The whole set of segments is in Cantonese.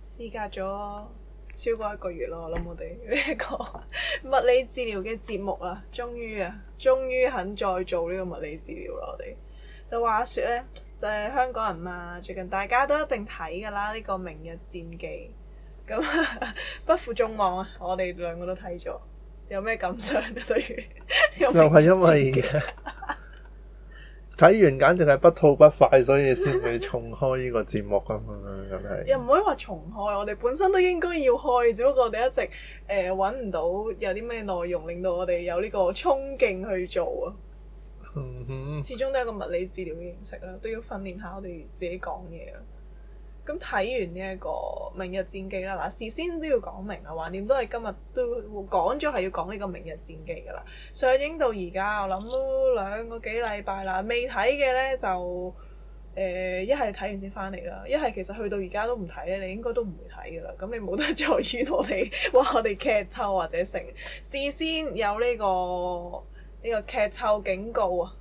時隔咗超過一個月咯，我諗我哋呢個物理治療嘅節目啊，終於啊，終於肯再做呢個物理治療啦，我哋就話說呢，就係、是、香港人嘛，最近大家都一定睇噶啦呢個《明日戰記》，咁 不負眾望啊，我哋兩個都睇咗，有咩感想咧、啊？對於就係因為。睇完簡直係不吐不快，所以先會重開呢個節目咁樣，咁係。又唔 可以話重開，我哋本身都應該要開，只不過我哋一直誒搵唔到有啲咩內容令到我哋有呢個衝勁去做啊。 始終都係一個物理治療嘅形式啦，都要訓練下我哋自己講嘢啊。咁睇完呢一個《明日戰記》啦，嗱事先都要講明啊，橫掂都係今日都講咗係要講呢個《明日戰記》噶啦，上映到而家我諗都兩個幾禮拜啦，未睇嘅咧就誒一係睇完先翻嚟啦，一係其實去到而家都唔睇咧，你應該都唔會睇噶啦，咁你冇得再怨我哋話我哋劇透或者成事先有呢個呢個劇透警告啊，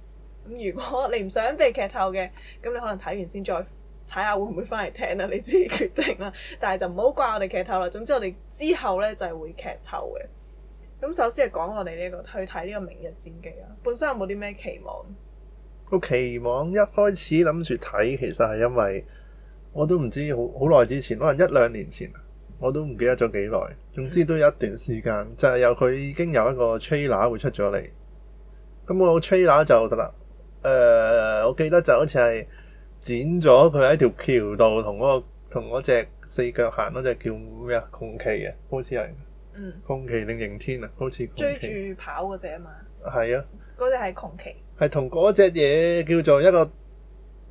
咁如果你唔想被劇透嘅，咁你可能睇完先再。睇下會唔會翻嚟聽啦，你自己決定啦。但係就唔好怪我哋劇透啦。總之我哋之後咧就係、是、會劇透嘅。咁首先係講我哋呢個去睇呢個《明日戰記》啊，本身有冇啲咩期望？個期望一開始諗住睇，其實係因為我都唔知好好耐之前，可能一兩年前，我都唔記得咗幾耐。總之都有一段時間，嗯、就係有佢已經有一個 trailer 會出咗嚟。咁我 trailer 就得啦。誒、呃，我記得就好似係。剪咗佢喺條橋度，同嗰、嗰個同隻四腳行嗰隻叫咩、嗯、啊？窮奇嘅，好似係。嗯。窮奇定刑天啊？好似。追住跑嗰隻嘛？係啊。嗰隻係窮奇。係同嗰隻嘢叫做一個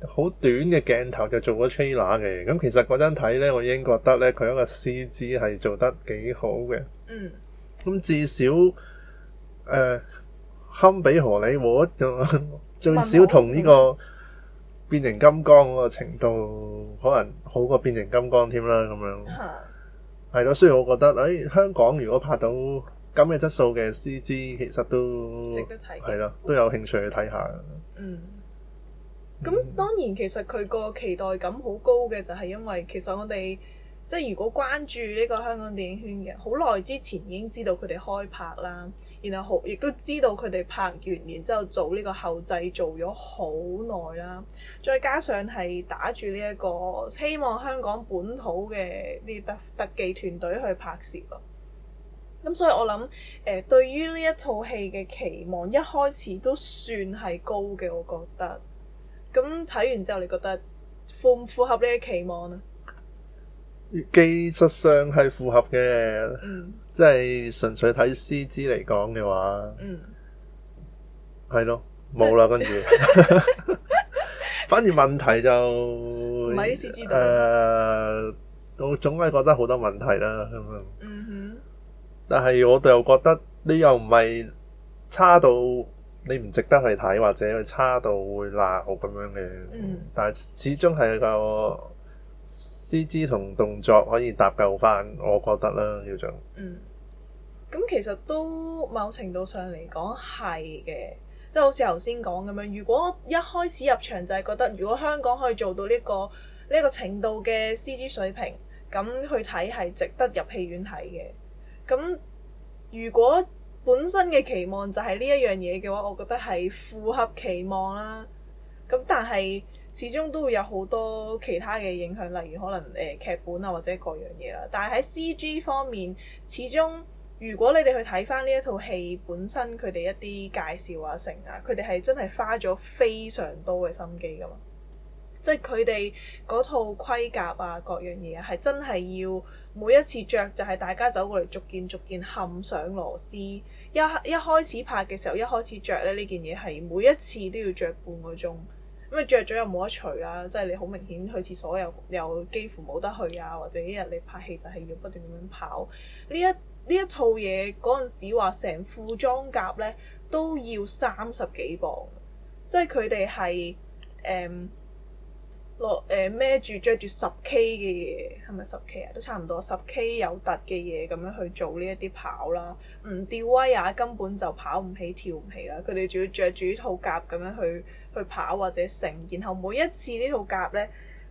好短嘅鏡頭就做咗 trailer 嘅，咁其實嗰陣睇咧，我已經覺得咧佢一個 CG 係做得幾好嘅。嗯。咁至少誒堪比荷里活，仲最少同呢個。變成金剛嗰個程度，可能好過變成金剛添啦，咁樣。係、嗯。係咯，所以我覺得，誒、哎，香港如果拍到咁嘅質素嘅 CG，其實都值得睇，係咯，都有興趣去睇下。嗯。咁當然，其實佢個期待感好高嘅，就係因為其實我哋。即係如果關注呢個香港電影圈嘅，好耐之前已經知道佢哋開拍啦，然後好亦都知道佢哋拍完，然之後做呢個後製做咗好耐啦。再加上係打住呢一個希望香港本土嘅呢啲特特技團隊去拍攝咯。咁所以我諗，誒，對於呢一套戲嘅期望一開始都算係高嘅，我覺得。咁睇完之後，你覺得符唔符合你嘅期望啊？技術上係符合嘅，嗯、即係純粹睇 CG 嚟講嘅話，係咯、嗯，冇啦，跟住， 然後 反而問題就，誒，呃嗯、我總係覺得好多問題啦，咁樣、嗯哼，但係我哋又覺得你又唔係差到你唔值得去睇，或者去差到會鬧咁樣嘅，嗯、哼但係始終係個。CG 同動作可以搭夠翻，我覺得啦，廖總。嗯，咁其實都某程度上嚟講係嘅，即係好似頭先講咁樣。如果一開始入場就係覺得，如果香港可以做到呢個呢個程度嘅 CG 水平，咁去睇係值得入戲院睇嘅。咁如果本身嘅期望就係呢一樣嘢嘅話，我覺得係符合期望啦。咁但係，始終都會有好多其他嘅影響，例如可能誒、呃、劇本啊，或者各樣嘢啦。但係喺 CG 方面，始終如果你哋去睇翻呢一套戲本身，佢哋一啲介紹啊、成啊，佢哋係真係花咗非常多嘅心機㗎嘛。即係佢哋嗰套盔甲啊，各樣嘢係、啊、真係要每一次着，就係、是、大家走過嚟逐件逐件嵌上螺絲。一一開始拍嘅時候，一開始着咧呢件嘢係每一次都要着半個鐘。咁啊着咗又冇得除啦，即係你好明顯去廁所又又幾乎冇得去啊，或者一日你拍戲就係要不斷咁樣跑。呢一呢一套嘢嗰陣時話成副裝甲咧都要三十幾磅，即係佢哋係誒落誒孭住着住十 K 嘅嘢，係咪十 K 啊？都差唔多十 K 有突嘅嘢咁樣去做呢一啲跑啦，唔吊威亞，根本就跑唔起跳唔起啦。佢哋仲要着住呢套甲咁樣去。去跑或者剩，然後每一次呢套甲呢，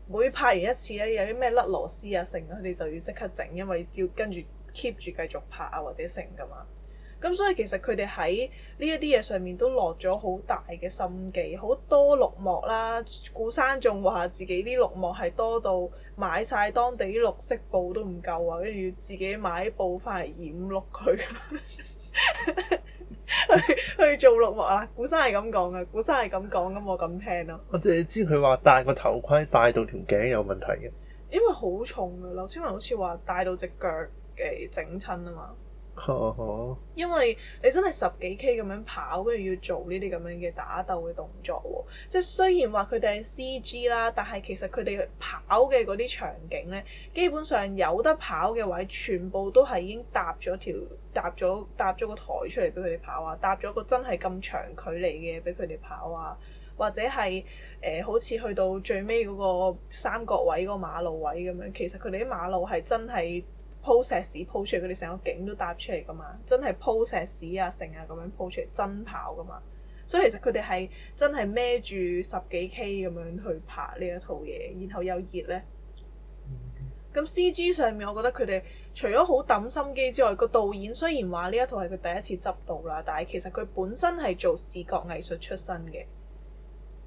每拍完一次呢，有啲咩甩螺絲啊剩，佢哋就要即刻整，因為要跟住 keep 住繼續拍啊或者剩噶嘛。咁所以其實佢哋喺呢一啲嘢上面都落咗好大嘅心機，好多綠幕啦。古生仲話自己啲綠幕係多到買晒當地啲綠色布都唔夠啊，跟住要自己買布翻嚟染綠佢。 去 去做綠幕啦！古生係咁講噶，古生係咁講咁，我咁聽咯。我淨係知佢話戴個頭盔戴到條頸有問題嘅，因為好重噶。劉青雲好似話戴到隻腳嘅整親啊嘛。因為你真係十幾 K 咁樣跑，跟住要做呢啲咁樣嘅打鬥嘅動作喎。即係雖然話佢哋係 CG 啦，但係其實佢哋跑嘅嗰啲場景咧，基本上有得跑嘅位，全部都係已經搭咗條搭咗搭咗個台出嚟俾佢哋跑啊，搭咗個真係咁長距離嘅俾佢哋跑啊，或者係誒、呃、好似去到最尾嗰個三角位嗰、嗰個、馬路位咁樣，其實佢哋啲馬路係真係，鋪石屎鋪出嚟，佢哋成個景都搭出嚟噶嘛，真係鋪石屎啊，成啊咁樣鋪出嚟，真跑噶嘛。所以其實佢哋係真係孭住十幾 K 咁樣去拍呢一套嘢，然後又熱呢。咁、嗯嗯、C G 上面，我覺得佢哋除咗好抌心機之外，個導演雖然話呢一套係佢第一次執導啦，但係其實佢本身係做視覺藝術出身嘅，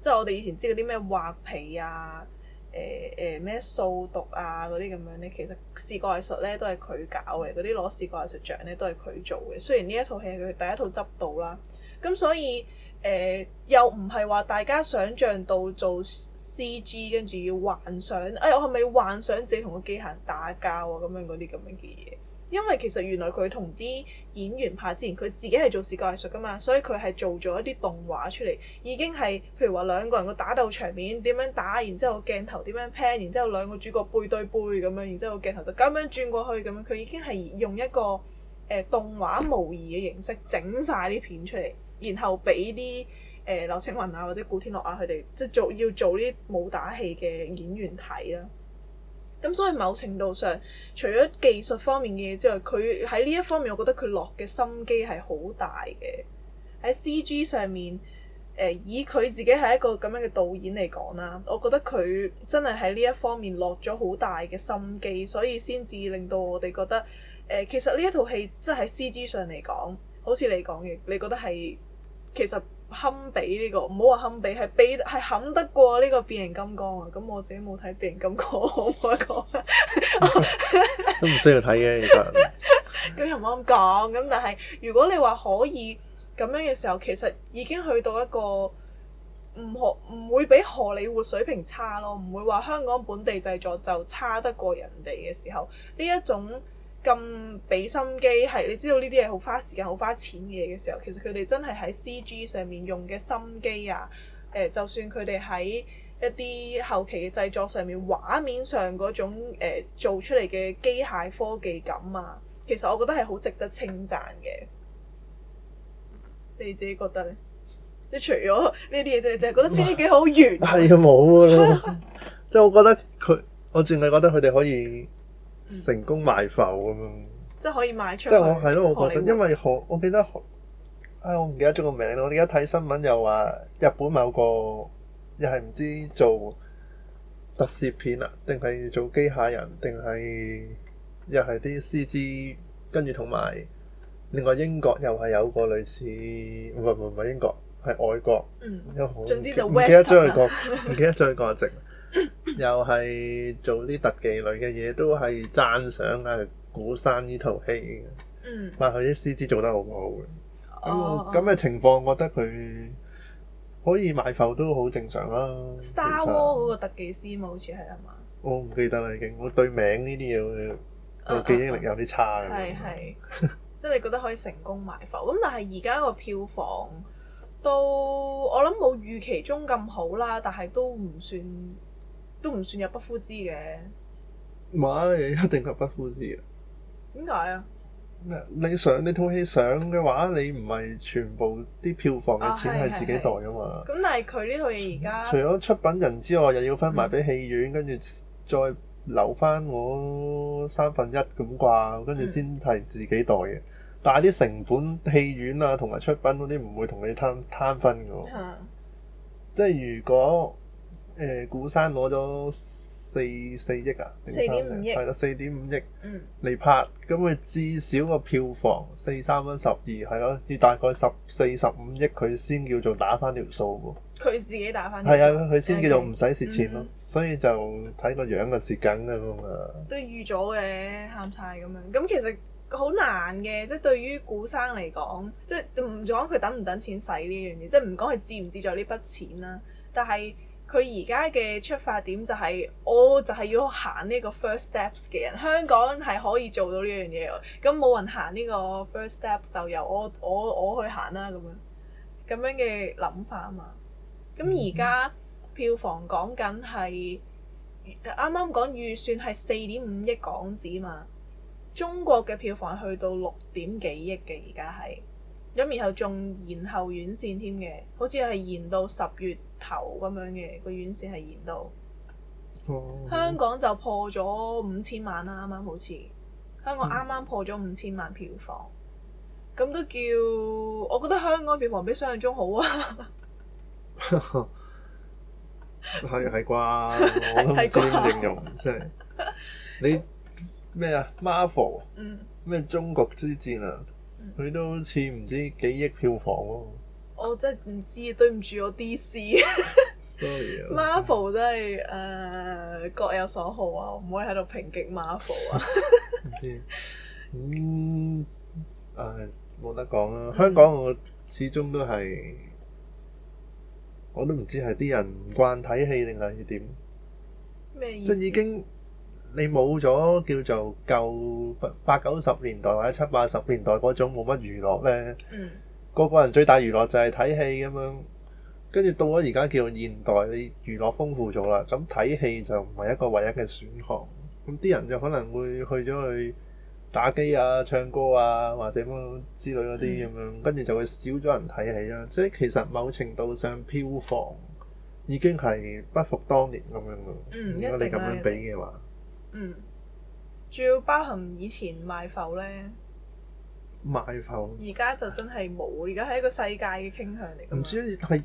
即係我哋以前知嗰啲咩畫皮啊。誒誒咩掃毒啊嗰啲咁樣咧，其實視覺藝術咧都係佢搞嘅，嗰啲攞視覺藝術獎咧都係佢做嘅。雖然呢一套戲係佢第一套執到啦，咁所以誒、呃、又唔係話大家想象到做 CG 跟住要幻想，哎我係咪要幻想自己同個機械人打交啊咁樣嗰啲咁樣嘅嘢？因為其實原來佢同啲演員拍之前，佢自己係做視覺藝術噶嘛，所以佢係做咗一啲動畫出嚟，已經係譬如話兩個人個打鬥場面點樣打，然之後鏡頭點樣 pan，然之後兩個主角背對背咁樣，然之後鏡頭就咁樣轉過去咁樣，佢已經係用一個誒、呃、動畫模擬嘅形式整晒啲片出嚟，然後俾啲誒劉青雲啊或者古天樂啊佢哋即做要做啲武打戲嘅演員睇啦。咁所以某程度上，除咗技術方面嘅嘢之外，佢喺呢一方面，我面、呃一，我覺得佢落嘅心機係好大嘅。喺 CG 上面，誒以佢自己係一個咁樣嘅導演嚟講啦，我覺得佢真係喺呢一方面落咗好大嘅心機，所以先至令到我哋覺得，誒、呃，其實呢一套戲真喺 CG 上嚟講，好似你講嘅，你覺得係其實。堪比呢個，唔好話堪比，係比係堪得過呢個變形金剛啊！咁我自己冇睇變形金剛，我唔可講，都唔需要睇嘅其實。咁又啱講，咁但係如果你話可以咁樣嘅時候，其實已經去到一個唔河唔會比荷里活水平差咯，唔會話香港本地製作就差得過人哋嘅時候呢一種。咁俾心機，係你知道呢啲嘢好花時間、好花錢嘅嘢嘅時候，其實佢哋真係喺 CG 上面用嘅心機啊！誒、呃，就算佢哋喺一啲後期嘅製作上面，畫面上嗰種、呃、做出嚟嘅機械科技感啊，其實我覺得係好值得稱讚嘅。你自己覺得咧？你除咗呢啲嘢，就就係覺得 CG 幾好完？係啊，冇啊！即係我覺得佢，我淨係覺得佢哋可以，成功賣埠，咁樣、嗯，即係可以賣出去。即係我係咯，我覺得，因為好，我記得，唉、哎，我唔記得咗個名咯。我而家睇新聞又話日本某個又係唔知做特攝片啊，定係做機械人，定係又係啲 CG，跟住同埋另外英國又係有個類似，唔係唔係英國，係外國。嗯，有好唔記得咗佢個唔記得咗佢個籍。啊 又係做啲特技類嘅嘢，都係讚賞啊古生呢套戲，嗯，但係啲 CG 做得好好嘅。咁嘅情況，我覺得佢可以埋浮都好正常啦。Star Wars 嗰個特技師嘛，好似係，係嘛？我唔記得啦已經，我對名呢啲嘢個記憶力有啲差，係係，即係你覺得可以成功埋浮，咁但係而家個票房都我諗冇預期中咁好啦，但係都唔算。都唔算有不夫之嘅，唔係一定係不夫之嘅。點解啊？你上你套戲上嘅話，你唔係全部啲票房嘅錢係自己袋㗎嘛？咁、啊、但係佢呢套嘢而家除咗出品人之外，又要分埋俾戲院，跟住、嗯、再留翻我三分一咁啩，跟住先係自己袋嘅。嗯、但係啲成本戲院啊，同埋出品嗰啲唔會同你攤攤分㗎喎。嗯、即係如果。誒、呃、古生攞咗四四億啊，四點五億係咯，四點五億嚟拍，咁佢、嗯、至少個票房四三蚊十二，係咯至大概十四十五億佢先叫做打返條數喎。佢自己打返。係啊，佢先叫做唔使蝕錢咯。Okay. 所以就睇個樣嘅蝕緊啊咁啊。嗯嗯、都預咗嘅，喊晒咁樣。咁其實好難嘅，即係對於古生嚟講，即係唔講佢等唔等錢使呢樣嘢，即係唔講佢值唔值在呢筆錢啦，但係。佢而家嘅出發點就係，我就係要行呢個 first steps 嘅人。香港係可以做到呢樣嘢，咁冇人行呢個 first step，就由我我我去行啦咁樣，咁樣嘅諗法啊嘛。咁而家票房講緊係，啱啱講預算係四點五億港紙啊嘛。中國嘅票房去到六點幾億嘅，而家係，咁然後仲延後院線添嘅，好似係延到十月。頭咁樣嘅個院線係延到，哦、香港就破咗五千萬啦，啱啱好似香港啱啱破咗五千萬票房，咁、嗯、都叫我覺得香港票房比想像中好啊！係係啩， 我都唔知點形容， 真係你咩啊？Marvel 咩中國之戰啊，佢、嗯、都好似唔知幾億票房喎、啊。我真係唔知，對唔住我 DC Marvel 真係誒，各有所好我 啊，唔可以喺度評擊 Marvel 啊。唔知咁，冇得講啦。香港我始終都係、嗯、我都唔知係啲人唔慣睇戲定係點。即已經你冇咗叫做舊八九十年代或者七八十年代嗰種冇乜娛樂呢。嗯個個人最大娛樂就係睇戲咁樣，跟住到咗而家叫現代，你娛樂豐富咗啦，咁睇戲就唔係一個唯一嘅選項。咁啲人就可能會去咗去打機啊、唱歌啊或者乜之類嗰啲咁樣，跟住就會少咗人睇戲啊。即係其實某程度上票房已經係不復當年咁樣啦。嗯、如果你咁樣比嘅話，嗯，仲要包含以前賣埠咧。賣埠，而家就真係冇，而家係一個世界嘅傾向嚟。唔知係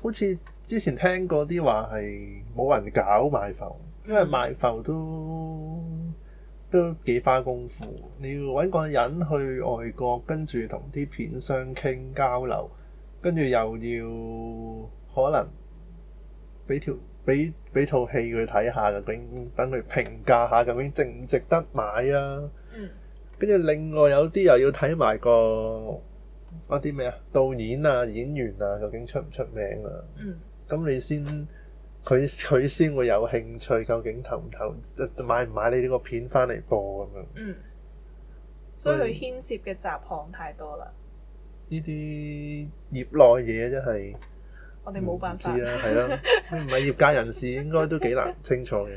好似之前聽過啲話係冇人搞賣埠，因為賣埠都、嗯、都，都幾花功夫，你要揾個人去外國，跟住同啲片商傾交流，跟住又要可能俾條俾俾套戲佢睇下究竟，等等佢評價下究竟值唔值得買啊。嗯。跟住另外有啲又要睇埋個、嗯、啊啲咩啊導演啊演員啊究竟出唔出名啊？嗯，咁你先佢佢先會有興趣，究竟投唔投買唔買你呢個片翻嚟播咁樣、嗯？所以佢牽涉嘅雜項太多啦。呢啲業內嘢真係我哋冇辦法知啊係啦，佢唔係業界人士 應該都幾難清楚嘅。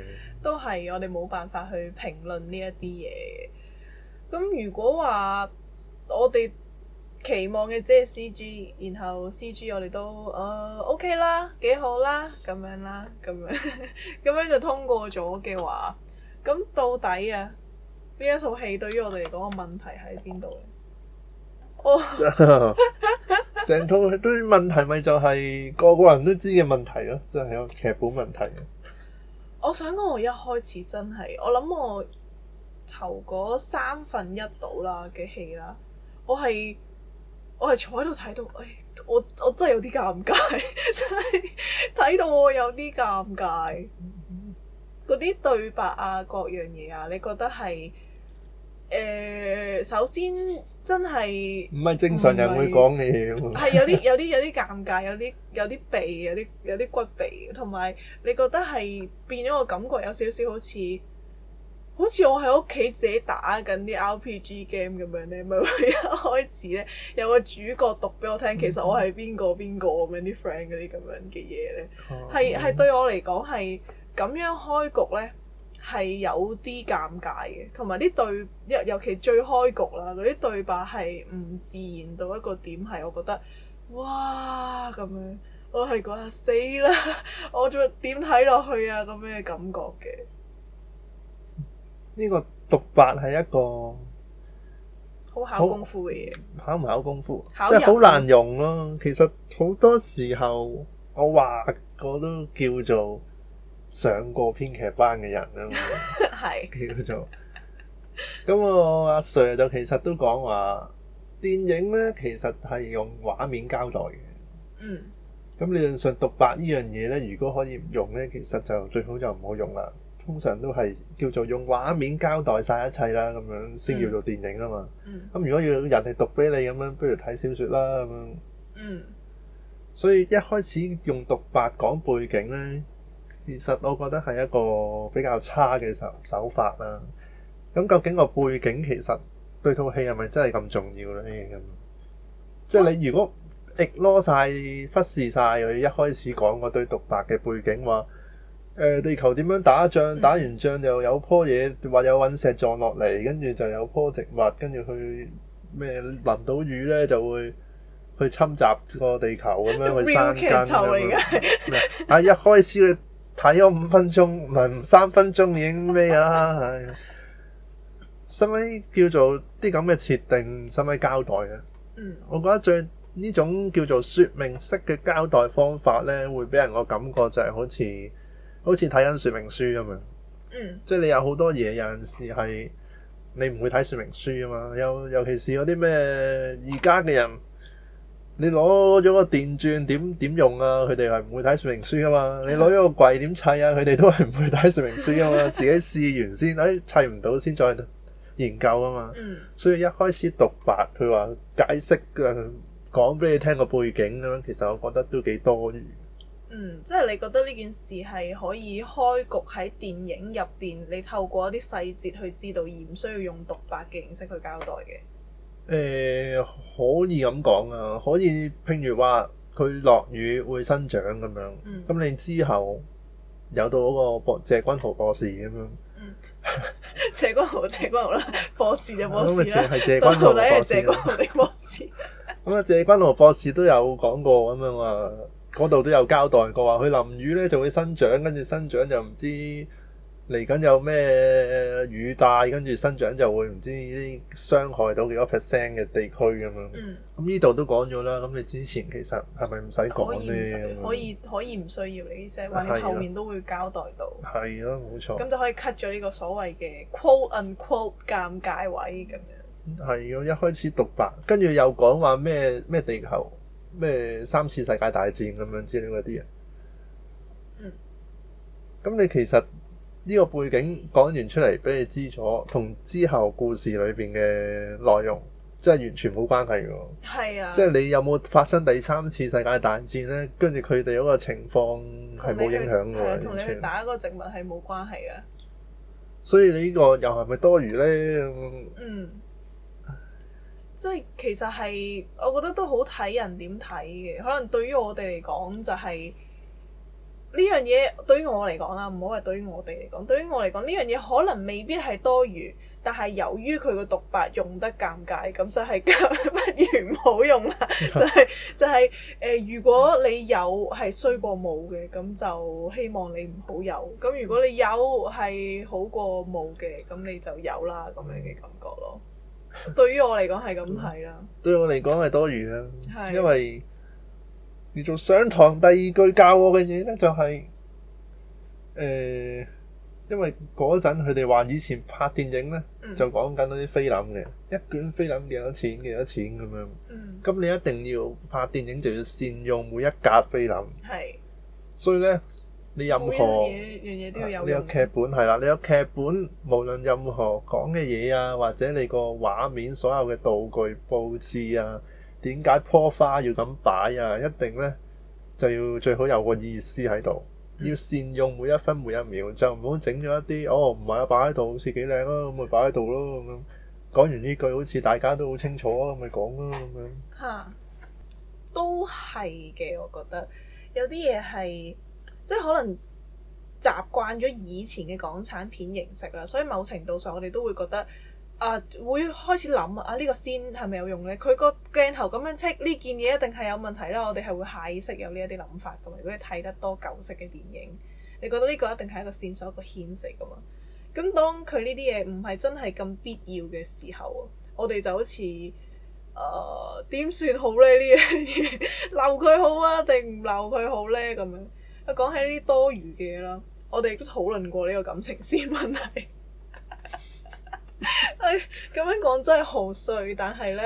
都係我哋冇辦法去評論呢一啲嘢。咁如果話我哋期望嘅即係 CG，然後 CG 我哋都誒、呃、OK 啦，幾好啦，咁樣啦，咁樣咁樣就通過咗嘅話，咁到底啊，呢一套戲對於我哋嚟講個問題喺邊度呢？哦 成套對於問題咪就係個個人都知嘅問題咯，即係個劇本問題。我想講我一開始真係，我諗我。頭嗰三分一度啦嘅戲啦，我係我係坐喺度睇到，誒、哎，我我真係有啲尷尬，真係睇到我有啲尷尬。嗰啲、嗯嗯、對白啊，各樣嘢啊，你覺得係誒、呃，首先真係唔係正常人會講嘅嘢，係有啲有啲有啲尷尬，有啲有啲鼻，有啲有啲骨鼻，同埋你覺得係變咗個感覺，有少少好似。好似我喺屋企自己打緊啲 RPG game 咁樣咧，咪 會一開始咧有個主角讀俾我聽，其實我係邊個邊個咁樣啲 friend 嗰啲咁樣嘅嘢咧，係係、uh huh. 對我嚟講係咁樣開局咧，係有啲尷尬嘅。同埋啲對尤其最開局啦，嗰啲對白係唔自然到一個點，係我覺得哇，咁樣，我係覺得死啦，我仲點睇落去啊咁樣嘅感覺嘅。呢個獨白係一個好考功夫嘅嘢，考唔考功夫？人即係好難用咯、啊。其實好多時候，我話我都叫做上過編劇班嘅人啊嘛， 是叫做咁我阿、啊、Sir 就其實都講話，電影呢其實係用畫面交代嘅。嗯。咁理論上獨白呢樣嘢呢，如果可以唔用呢，其實就最好就唔好用啦。通常都係叫做用畫面交代晒一切啦，咁樣先叫做電影啊嘛。咁、嗯、如果要人哋讀俾你咁樣，不如睇小説啦咁樣。嗯。所以一開始用獨白講背景呢，其實我覺得係一個比較差嘅手手法啦。咁究竟個背景其實對套戲係咪真係咁重要呢？咁即係你如果 ignore 晒、忽視晒，佢一開始講嗰堆獨白嘅背景話？誒，地球點樣打仗？打完仗又有棵嘢，或者有隕石撞落嚟，跟住就有棵植物，跟住佢咩淋到雨呢，就會去侵襲個地球咁樣去生根。啊！一開始你睇咗五分鐘，唔係三分鐘已經咩啦？係，使咪叫做啲咁嘅設定，使咪交代啊？ 我覺得最呢種叫做説明式嘅交代方法呢，會俾人個感覺就係好似。好似睇緊說明書咁樣，嗯、即係你有好多嘢，有陣時係你唔會睇說明書啊嘛。尤尤其是嗰啲咩而家嘅人，你攞咗個電鑽點點用啊？佢哋係唔會睇說明書啊嘛。你攞咗個櫃點砌啊？佢哋都係唔會睇說明書啊嘛，自己試完先， 哎砌唔到先再研究啊嘛。嗯、所以一開始讀白佢話解釋嘅、呃、講俾你聽個背景咁樣，其實我覺得都幾多餘。嗯，即係你覺得呢件事係可以開局喺電影入邊，你透過一啲細節去知道，而唔需要用獨白嘅形式去交代嘅。誒、呃，可以咁講啊，可以譬如話佢落雨會生長咁樣，咁、嗯、你之後有到嗰個博謝君豪博士咁樣，謝君豪，謝君豪啦，博士就博士啦，係、嗯、謝君豪博士。咁啊 謝君豪博士都有講過咁樣啊。嗰度都有交代過話，佢淋雨咧就會生長，跟住生長就唔知嚟緊有咩雨帶，跟住生長就會唔知傷害到幾多 percent 嘅地區咁樣。嗯，咁呢度都講咗啦，咁你之前其實係咪唔使講呢可？可以可以唔需要你啲嘢，或者後面都會交代到。係咯、啊，冇、啊、錯。咁就可以 cut 咗呢個所謂嘅 quote un quote 尷尬位咁樣。係咯、啊，一開始獨白，跟住又講話咩咩地球，咩三次世界大戰咁樣之類嗰啲啊？咁、嗯、你其實呢個背景講完出嚟俾你知咗，同之後故事裏邊嘅內容即係、就是、完全冇關係嘅喎。係啊，即係你有冇發生第三次世界大戰呢？跟住佢哋嗰個情況係冇影響嘅，同你哋、啊、打嗰個植物係冇關係嘅。所以你呢個又係咪多餘呢？嗯。所以其實係，我覺得都好睇人點睇嘅。可能對於我哋嚟講就係呢樣嘢，對於我嚟講啦，唔好話對於我哋嚟講。對於我嚟講，呢樣嘢可能未必係多餘，但係由於佢個獨白用得尷尬，咁就係不如唔好用啦。就係就係誒，如果你有係衰過冇嘅，咁就希望你唔好有。咁如果你有係好過冇嘅，咁你就有啦，咁樣嘅感覺咯。對於我嚟講係咁睇啦，對我嚟講係多餘啦，係，因為你做上堂第二句教我嘅嘢咧，就係，誒，因為嗰陣佢哋話以前拍電影咧，嗯，就講緊嗰啲菲林嘅，一卷菲林幾多錢，幾多錢咁樣。咁，嗯，你一定要拍電影就要善用每一格菲林，係，所以咧。你任何，嘢、啊、都要你有劇本係啦，你有劇本無論任何講嘅嘢啊，或者你個畫面所有嘅道具佈置啊，點解鋪花要咁擺啊？一定呢，就要最好有個意思喺度，要善用每一分每一秒，就唔、哦、好整咗一啲哦唔係啊，擺喺度好似幾靚啊，咁咪擺喺度咯咁樣。講完呢句好似大家都好清楚啊，咪講咯咁樣、啊。都係嘅，我覺得有啲嘢係。即係可能習慣咗以前嘅港產片形式啦，所以某程度上我哋都會覺得啊，會開始諗啊，呢個先係咪有用咧？佢個鏡頭咁樣即呢件嘢一定係有問題啦。我哋係會下意識有呢一啲諗法噶嘛。如果你睇得多舊式嘅電影，你覺得呢個一定係一個線索、一個 hint 噶嘛？咁當佢呢啲嘢唔係真係咁必要嘅時候，我哋就好似啊，點算好咧？呢樣嘢留佢好啊，定唔留佢好咧？咁樣？我講起呢啲多餘嘅嘢啦，我哋都討論過呢個感情線問題。誒、 哎，咁樣講真係好衰，但係呢，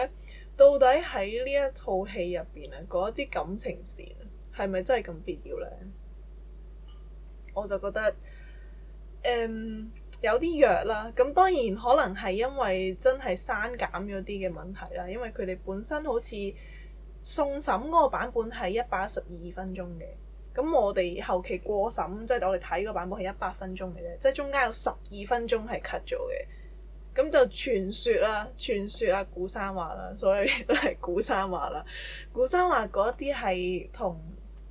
到底喺呢一套戲入邊啊，嗰啲感情線係咪真係咁必要呢？我就覺得，誒、嗯、有啲弱啦。咁當然可能係因為真係刪減咗啲嘅問題啦，因為佢哋本身好似送審嗰個版本係一百一十二分鐘嘅。咁我哋後期過審，即係我哋睇個版本係一百分鐘嘅啫，即係中間有十二分鐘係 cut 咗嘅。咁就傳說啦，傳說啦，古三話啦，所以都係古三話啦。古三話嗰一啲係同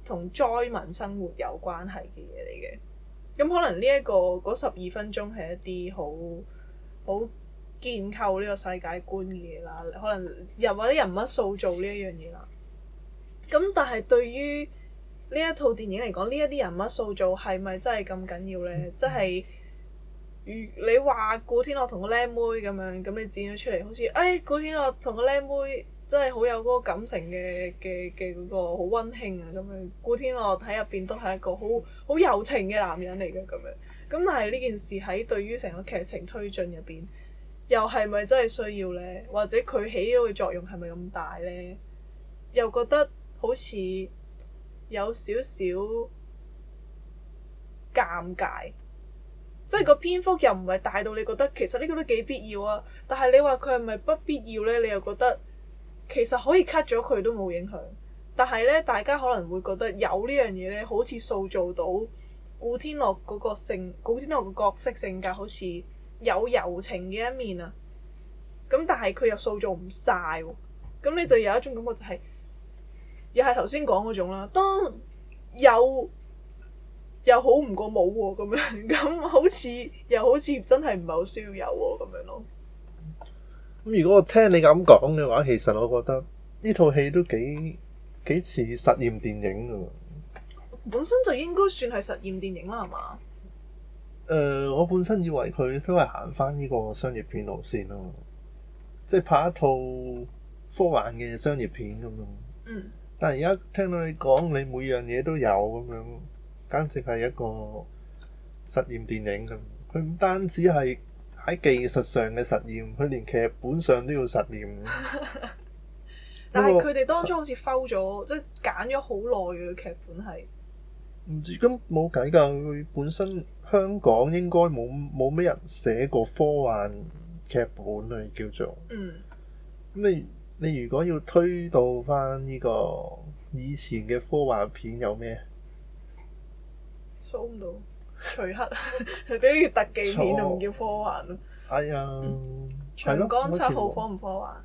同災民生活有關係嘅嘢嚟嘅。咁可能呢一個嗰十二分鐘係一啲好好建構呢個世界觀嘅嘢啦，可能又或者人物塑造呢一樣嘢啦。咁但係對於。呢一套電影嚟講，呢一啲人物塑造係咪真係咁緊要呢？即係、嗯、如你話古天樂同個僆妹咁樣，咁你剪咗出嚟，好似唉、哎，古天樂同個僆妹真係好有嗰個感情嘅嘅嘅嗰個好溫馨啊咁樣。古天樂喺入邊都係一個好好有情嘅男人嚟嘅咁樣。咁但係呢件事喺對於成個劇情推進入邊，又係咪真係需要呢？或者佢起到嘅作用係咪咁大呢？又覺得好似。有少少尷尬，即係個篇幅又唔係大到你覺得其實呢個都幾必要啊，但係你話佢係咪不必要咧？你又覺得其實可以 cut 咗佢都冇影響，但係咧大家可能會覺得有呢樣嘢咧，好似塑造到古天樂嗰個性，古天樂嘅角色性格好似有柔情嘅一面啊，咁但係佢又塑造唔晒啊喎。咁你就有一種感覺就係、是。又係頭先講嗰種啦，當有又，又好唔過冇喎，咁樣咁好似又好似真係唔係好需要有喎，咁樣咯。咁如果我聽你咁講嘅話，其實我覺得呢套戲都幾幾似實驗電影噶。本身就應該算係實驗電影啦，係嘛？誒，我本身以為佢都係行翻呢個商業片路線咯，即係拍一套科幻嘅商業片咁樣。嗯。但係而家聽到你講，你每樣嘢都有咁樣，簡直係一個實驗電影咁。佢唔單止係喺技術上嘅實驗，佢連劇本上都要實驗。 但係佢哋當中好似摟咗， 即係揀咗好耐嘅劇本係。唔知咁冇計㗎，佢本身香港應該冇冇咩人寫過科幻劇本嚟叫做。嗯。咁你？你如果要推導翻呢個以前嘅科幻片有咩？搜唔到，除黑，佢比如特技片就唔叫科幻咯。係啊、哎呀，嗯、長江七號科唔科幻？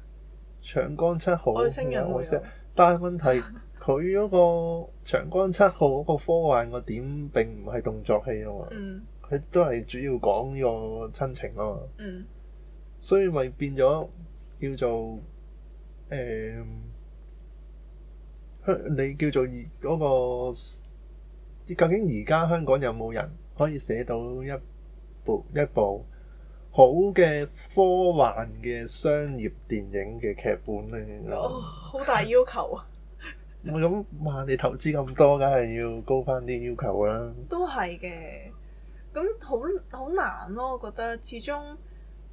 長江七號。嗯、星人會識。但係問題，佢嗰 個長江七號嗰個科幻個點並唔係動作戲啊嘛，佢、嗯、都係主要講呢個親情啊嘛。嗯、所以咪變咗叫做。誒、嗯，你叫做嗰、那個，究竟而家香港有冇人可以寫到一部一部好嘅科幻嘅商業電影嘅劇本呢？哦，好大要求啊！咁 話你投資咁多，梗係要高翻啲要求啦。都係嘅，咁好好難咯。我覺得始終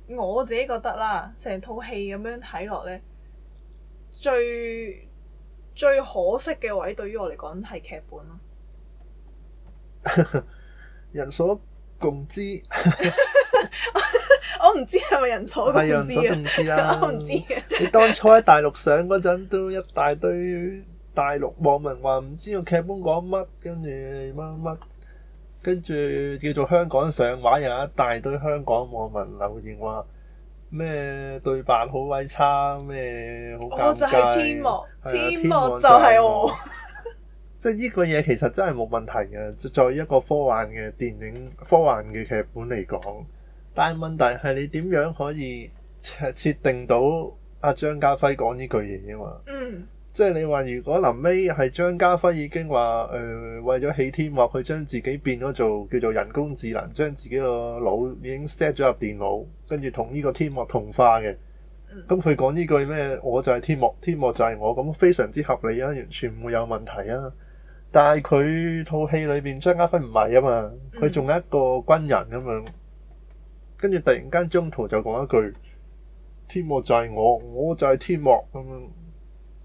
我自己覺得啦，成套戲咁樣睇落呢，最最可惜嘅位，對於我嚟講係劇本咯。 人所共知， 我唔知係咪人所共知嘅、哎、唔知啦 我唔知， 你當初喺大陸上嗰陣，都一大堆大陸網民話唔知個劇本講乜，跟住乜乜，跟住叫做香港上畫，又一大堆香港網民留言話。咩對白好鬼差，咩好尷尬。我就係天幕，天幕、啊，天幕就係我。即係呢個嘢其實真係冇問題嘅，作為一個科幻嘅電影、科幻嘅劇本嚟講。但係問題係你點樣可以設定到阿張家輝講呢句嘢啊嘛？嗯。即係你話，如果臨尾係張家輝已經話誒、呃，為咗起天幕，佢將自己變咗做叫做人工智能，將自己個腦已經 set 咗入電腦，跟住同呢個天幕同化嘅。咁佢講呢句咩？我就係天幕，天幕就係我咁，非常之合理啊，完全唔會有問題啊。但係佢套戲裏邊張家輝唔係啊嘛，佢仲係一個軍人咁樣，跟住突然間中途就講一句：天幕就係我，我就係天幕咁樣。嗯。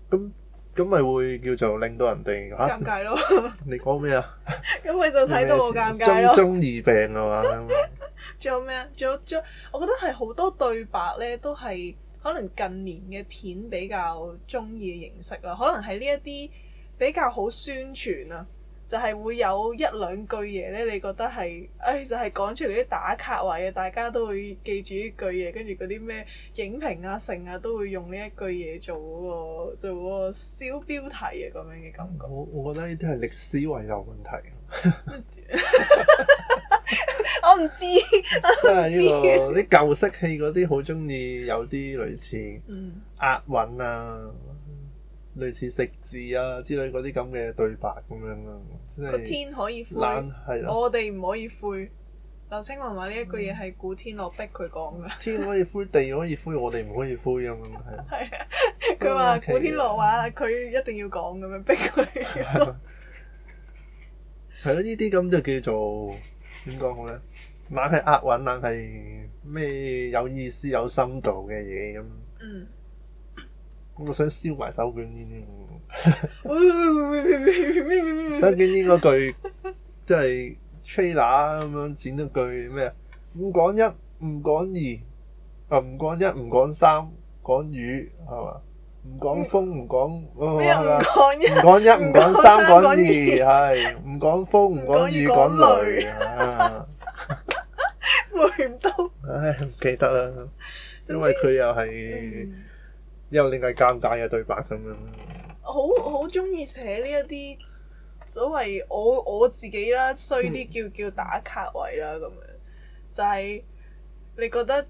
咁咁咪會叫做令到人哋嚇，尷尬咯！你講咩啊？咁佢 就睇到我尷尬咯。中二病嘅話，仲有咩啊？仲有仲，我覺得係好多對白咧，都係可能近年嘅片比較中意嘅形式啦。可能係呢一啲比較好宣傳啊。就係會有一兩句嘢咧，你覺得係，誒、哎、就係、是、講出嚟啲打卡位啊，大家都會記住呢句嘢，跟住嗰啲咩影評啊，成啊都會用呢一句嘢做嗰、那個、做嗰個小標題啊，咁樣嘅感覺。我我覺得呢啲係歷史遺留問題。 我唔知。即係呢個啲 舊式戲嗰啲好鍾意有啲類似、嗯、押韻啊。類似食字啊之類嗰啲咁嘅對白咁樣咯，即係。個天可以灰，懶啊、我哋唔可以灰。劉青雲話呢一句嘢係古天樂逼佢講嘅。天可以灰，地可以灰，我哋唔可以灰咁樣係。係啊，佢話古天樂話佢一定要講咁樣逼佢。係咯、 啊，呢啲咁就叫做點講好咧？懶係押韻，懶係咩有意思、有深度嘅嘢咁。嗯。我想燒埋手捲煙添。手捲煙嗰句，即係吹打咁樣，剪咗句咩啊？唔講一唔講二，啊，唔講一唔講三，講雨係嘛？唔講風唔講、邊個唔講一唔講一唔講三講二係，唔講風唔講雨講雷啊！回唔到，唉，唔記得啦，因為佢又係。又點解尷尬嘅對白咁樣？好好中意寫呢一啲所謂我我自己啦，衰啲叫叫打卡位啦咁樣，就係、是、你覺得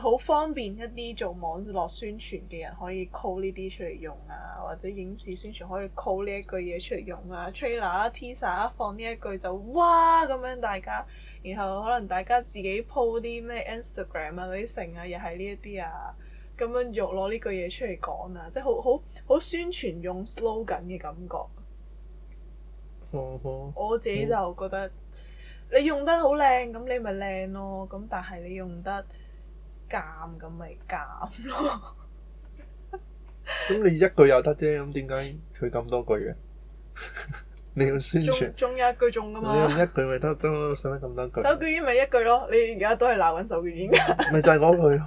好方便一啲做網絡宣傳嘅人可以 call 呢啲出嚟用啊，或者影視宣傳可以 call 呢一句嘢出嚟用啊 trailer 啊、teaser 啊放呢一句就哇咁樣大家，然後可能大家自己鋪啲咩 Instagram 啊嗰啲成啊，又係呢一啲啊。咁樣用攞呢句嘢出嚟講呀，即係好好好宣傳用 slogan 嘅感覺。哦，我自己就覺得你用得好靚，咁你咪靚咯。咁但係你用得尷，咁咪尷咯。咁你一句又得啫，咁點解佢咁多句嘅？你要宣傳，仲有一句仲㗎嘛？你用一句咪得，得使乜咁多句？手捲煙咪一句咯，你而家都係鬧緊手捲煙㗎。咪就係嗰句。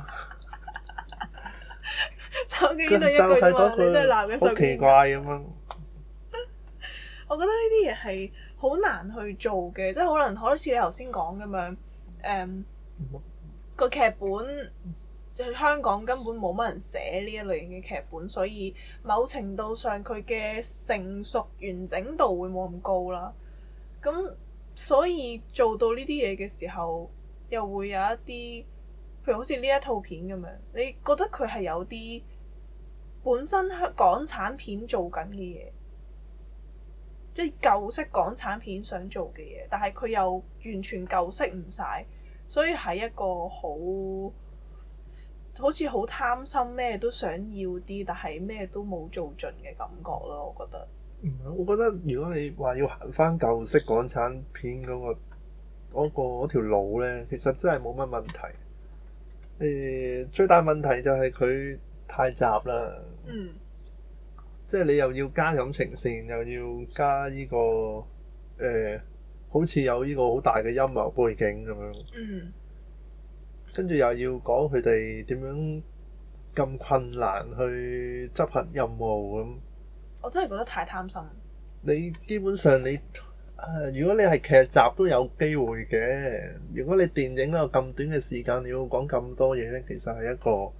跟住我睇到佢好奇怪咁樣， 我覺得呢啲嘢係好難去做嘅，即係可能，好似你頭先講咁樣，誒、嗯， 個劇本，就香港根本冇乜人寫呢一類型嘅劇本，所以某程度上佢嘅成熟完整度會冇咁高啦。咁所以做到呢啲嘢嘅時候，又會有一啲，譬如好似呢一套片咁樣，你覺得佢係有啲。本身港產片做緊嘅嘢，即係舊式港產片想做嘅嘢，但係佢又完全舊式唔晒，所以喺一個好好似好貪心咩都想要啲，但係咩都冇做盡嘅感覺咯，我覺得。我覺得如果你話要行翻舊式港產片嗰個嗰個嗰條路咧，其實真係冇乜問題。誒，最大問題就係佢太雜啦。嗯，即係你又要加感情線，又要加呢個誒，好似有呢個好大嘅陰謀背景咁樣。嗯，跟住又要講佢哋點樣咁困難去執行任務咁。我真係覺得太貪心。你基本上你誒，如果你係劇集都有機會嘅，如果你電影都有咁短嘅時間，你要講咁多嘢咧，其實係一個。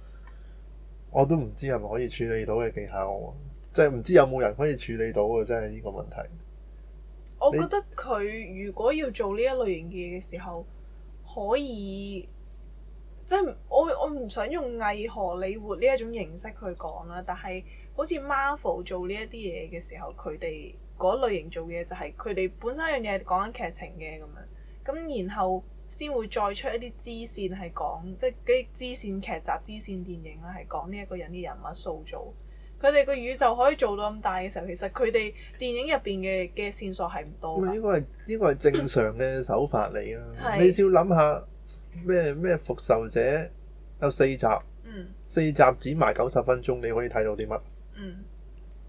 我都唔知係咪可以處理到嘅技巧，即係唔知有冇人可以處理到嘅，真係呢、這個問題。我覺得佢如果要做呢一類型嘅嘢嘅時候，可以即係、就是、我我唔想用偽荷里活呢一種形式去講啦。但係好似 Marvel 做呢一啲嘢嘅時候，佢哋嗰類型做嘢就係佢哋本身一樣嘢係講緊劇情嘅咁樣，咁然後。先會再出一啲支線係講，即係啲支線劇集、支線電影啦，係講呢一個人啲人物塑造。佢哋個宇宙可以做到咁大嘅時候，其實佢哋電影入邊嘅嘅線索係唔多。應該係應該係正常嘅手法嚟啊！是你少諗下咩咩復仇者有四集，嗯、四集剪埋九十分鐘，你可以睇到啲乜？嗯、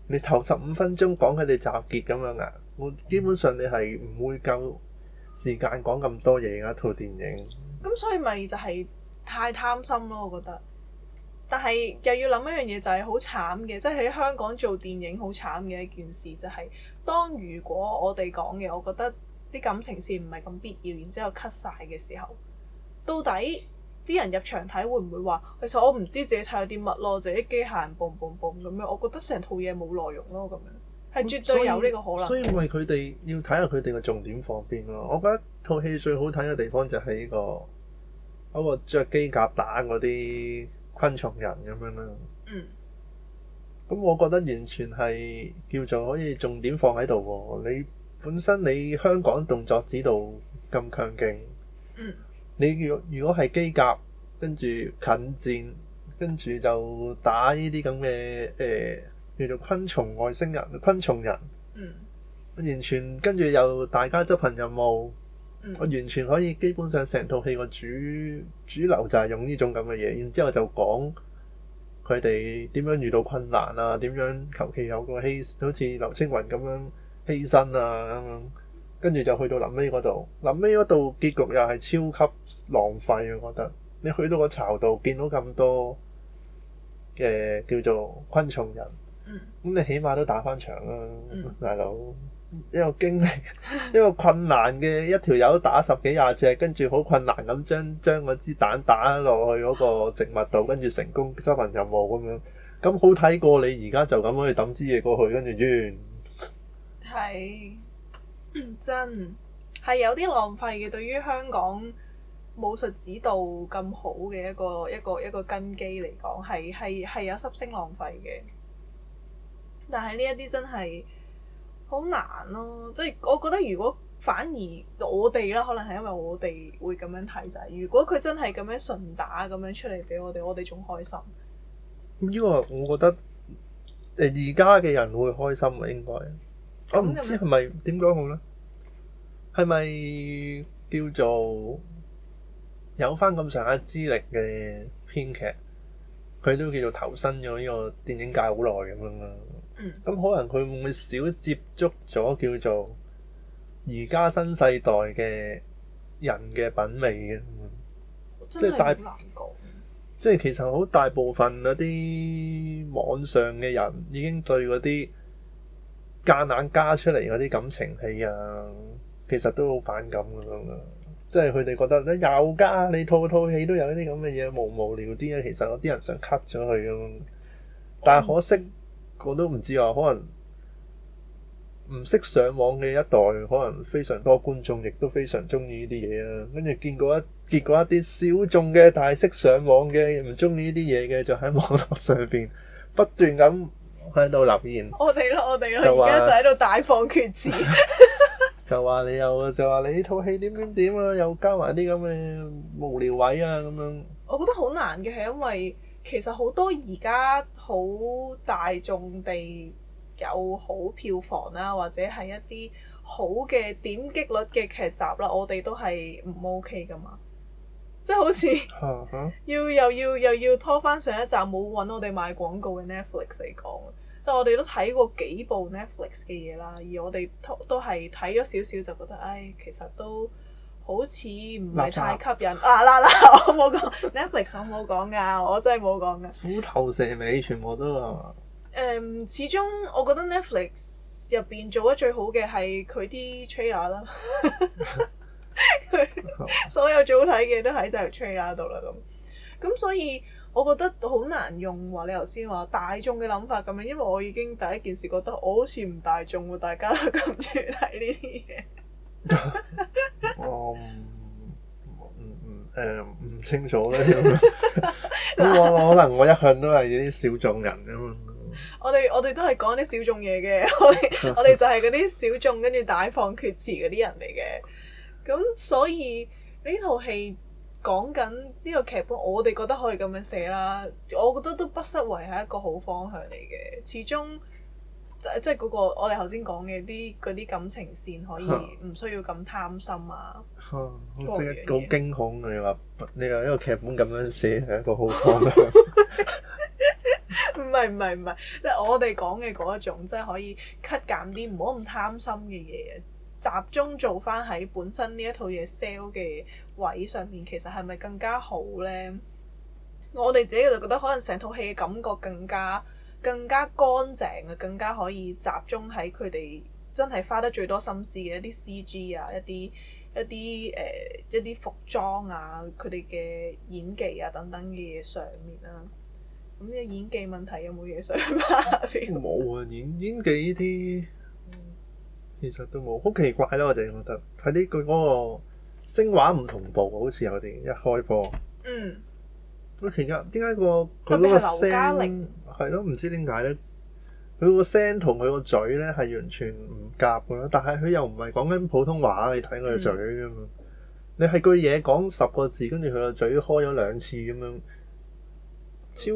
你頭十五分鐘講佢哋集結咁樣啊！我基本上你係唔會夠。時間講咁多嘢，一套電影。咁所以咪就係太貪心咯，我覺得。但係又要諗一樣嘢，就係好慘嘅，即係喺香港做電影好慘嘅一件事，就係當如果我哋講嘅，我覺得啲感情線唔係咁必要，然之後 cut 曬嘅時候，到底啲人入場睇會唔會話？其實我唔知自己睇咗啲乜咯，就係啲機械人 boom boom boom 咁樣。我覺得成套嘢冇內容咯，咁樣。係絕對有呢個可能，所以咪佢哋要睇下佢哋個重點放邊咯、啊。我覺得套戲最好睇嘅地方就係、呢個嗰、嗰個着機甲打嗰啲昆蟲人咁樣啦、啊。嗯。咁我覺得完全係叫做可以重點放喺度喎。你本身你香港動作指導咁強勁，嗯、你如如果係機甲跟住近戰，跟住就打呢啲咁嘅誒。呃叫做昆蟲外星人、昆蟲人，嗯、完全跟住又大家執行任務，嗯、我完全可以基本上成套戲個主主流就係用呢種咁嘅嘢，然之後就講佢哋點樣遇到困難啊，點樣求其有個犧，好似劉青雲咁樣犧牲啊咁樣，跟住就去到臨尾嗰度，臨尾嗰度結局又係超級浪費，我覺得你去到個巢度見到咁多嘅、呃、叫做昆蟲人。咁、嗯、你起碼都打翻場啦，大佬，嗯、一,一,一個經歷，一個困難嘅一條友打十幾廿隻，跟住好困難咁將將嗰支彈打落去嗰個植物度，跟住成功執行任務咁樣，咁好睇過你而家就咁樣去抌支嘢過去，跟住完係真係有啲浪費嘅，對於香港武術指導咁好嘅一個一個一個根基嚟講，係係係有濕星浪費嘅。但係呢一啲真係好難咯、啊，即、就、係、是、我覺得如果反而我哋啦，可能係因為我哋會咁樣睇就係、是。如果佢真係咁樣順打咁樣出嚟俾我哋，我哋仲開心。呢個我覺得而家嘅人會開心嘅應該。這樣 我唔知係咪點講好呢？係咪叫做有返咁上下資歷嘅編劇，佢都叫做投身咗呢個電影界好耐咁樣啦。咁、嗯、可能佢會唔會少接觸咗叫做而家新世代嘅人嘅品味嘅、啊，即係大，嗯、即係其實好大部分嗰啲網上嘅人已經對嗰啲夾硬加出嚟嗰啲感情戲啊，其實都好反感噶，即係佢哋覺得咧、嗯、又加你一套一套戲都有一啲咁嘅嘢無無聊啲啊，其實有啲人想 cut 咗佢噶，但係可惜。嗯我都唔知話，可能唔識上網嘅一代，可能非常多觀眾亦都非常中意呢啲嘢啊。跟住見過一見過一啲小眾嘅，但係識上網嘅唔中意呢啲嘢嘅，就喺網絡上邊不斷咁喺度留言。我哋咯，我哋咯，而家就喺說度大放厥詞 就話你又就話你呢套戲點點點啊？又加埋啲咁嘅無聊位啊咁樣。我覺得好難嘅係因為。其實好多而家好大眾地有好票房啦，或者係一啲好嘅點擊率嘅劇集啦，我哋都係唔 OK 㗎嘛。即係好似要又要又要拖返上一集，冇揾我哋賣廣告嘅 Netflix 嚟講，即係我哋都睇過幾部 Netflix 嘅嘢啦，而我哋都都係睇咗少少就覺得，唉、哎，其實都～好似唔係太吸引場啊啦啦、啊啊啊！我冇講 Netflix，我冇講噶，我真係冇講噶。虎頭蛇尾，全部都係。Um, 始終我覺得 Netflix 入邊做得最好嘅係佢啲 trailer 啦， 它 好所有最好睇嘅都喺就係 trailer 度啦。咁咁，所以我覺得好難用。話你頭先話大眾嘅諗法咁樣，因為我已經第一件事覺得我好似唔大眾喎，大家都咁鍾意睇呢啲嘢。看 我唔唔唔誒唔清楚咧咁， 我可能我一向都係啲小眾人啊嘛 。我哋我哋都係講啲小眾嘢嘅，我哋就係嗰啲小眾跟住大放厥詞嗰啲人嚟嘅。咁所以呢套戲講緊呢個劇本，我哋覺得可以咁樣寫啦。我覺得都不失為係一個好方向嚟嘅，始終。即係嗰個我哋頭先講嘅啲啲感情線，可以唔需要咁貪心啊！呵呵，好驚恐，你話你話呢個劇本咁樣寫係一個好荒謬。唔係唔係唔係，即係我哋講嘅嗰一種，即係可以 cut 減啲唔好咁貪心嘅嘢，集中做翻喺本身呢一套嘢 sell 嘅位上面，其實係咪更加好呢？我哋自己就覺得可能成套戲嘅感覺更加。更加乾淨啊，更加可以集中喺佢哋真係花得最多心思嘅一啲 C.G. 啊，一啲一啲誒、呃、一啲服裝啊，佢哋嘅演技啊等等嘅嘢上面啊。咁呢個演技問題有冇嘢想問？冇 啊，演演技呢啲其實都冇，好奇怪咯、啊！我哋覺得喺呢句嗰個聲畫唔同步，好似我哋一開播。嗯。都奇怪，點解個佢嗰個聲係咯？唔知點解咧？佢個聲同佢個嘴咧係完全唔夾嘅咯。但係佢又唔係講緊普通話，你睇佢嘅嘴㗎嘛？嗯、你係句嘢講十個字，跟住佢個嘴開咗兩次咁樣，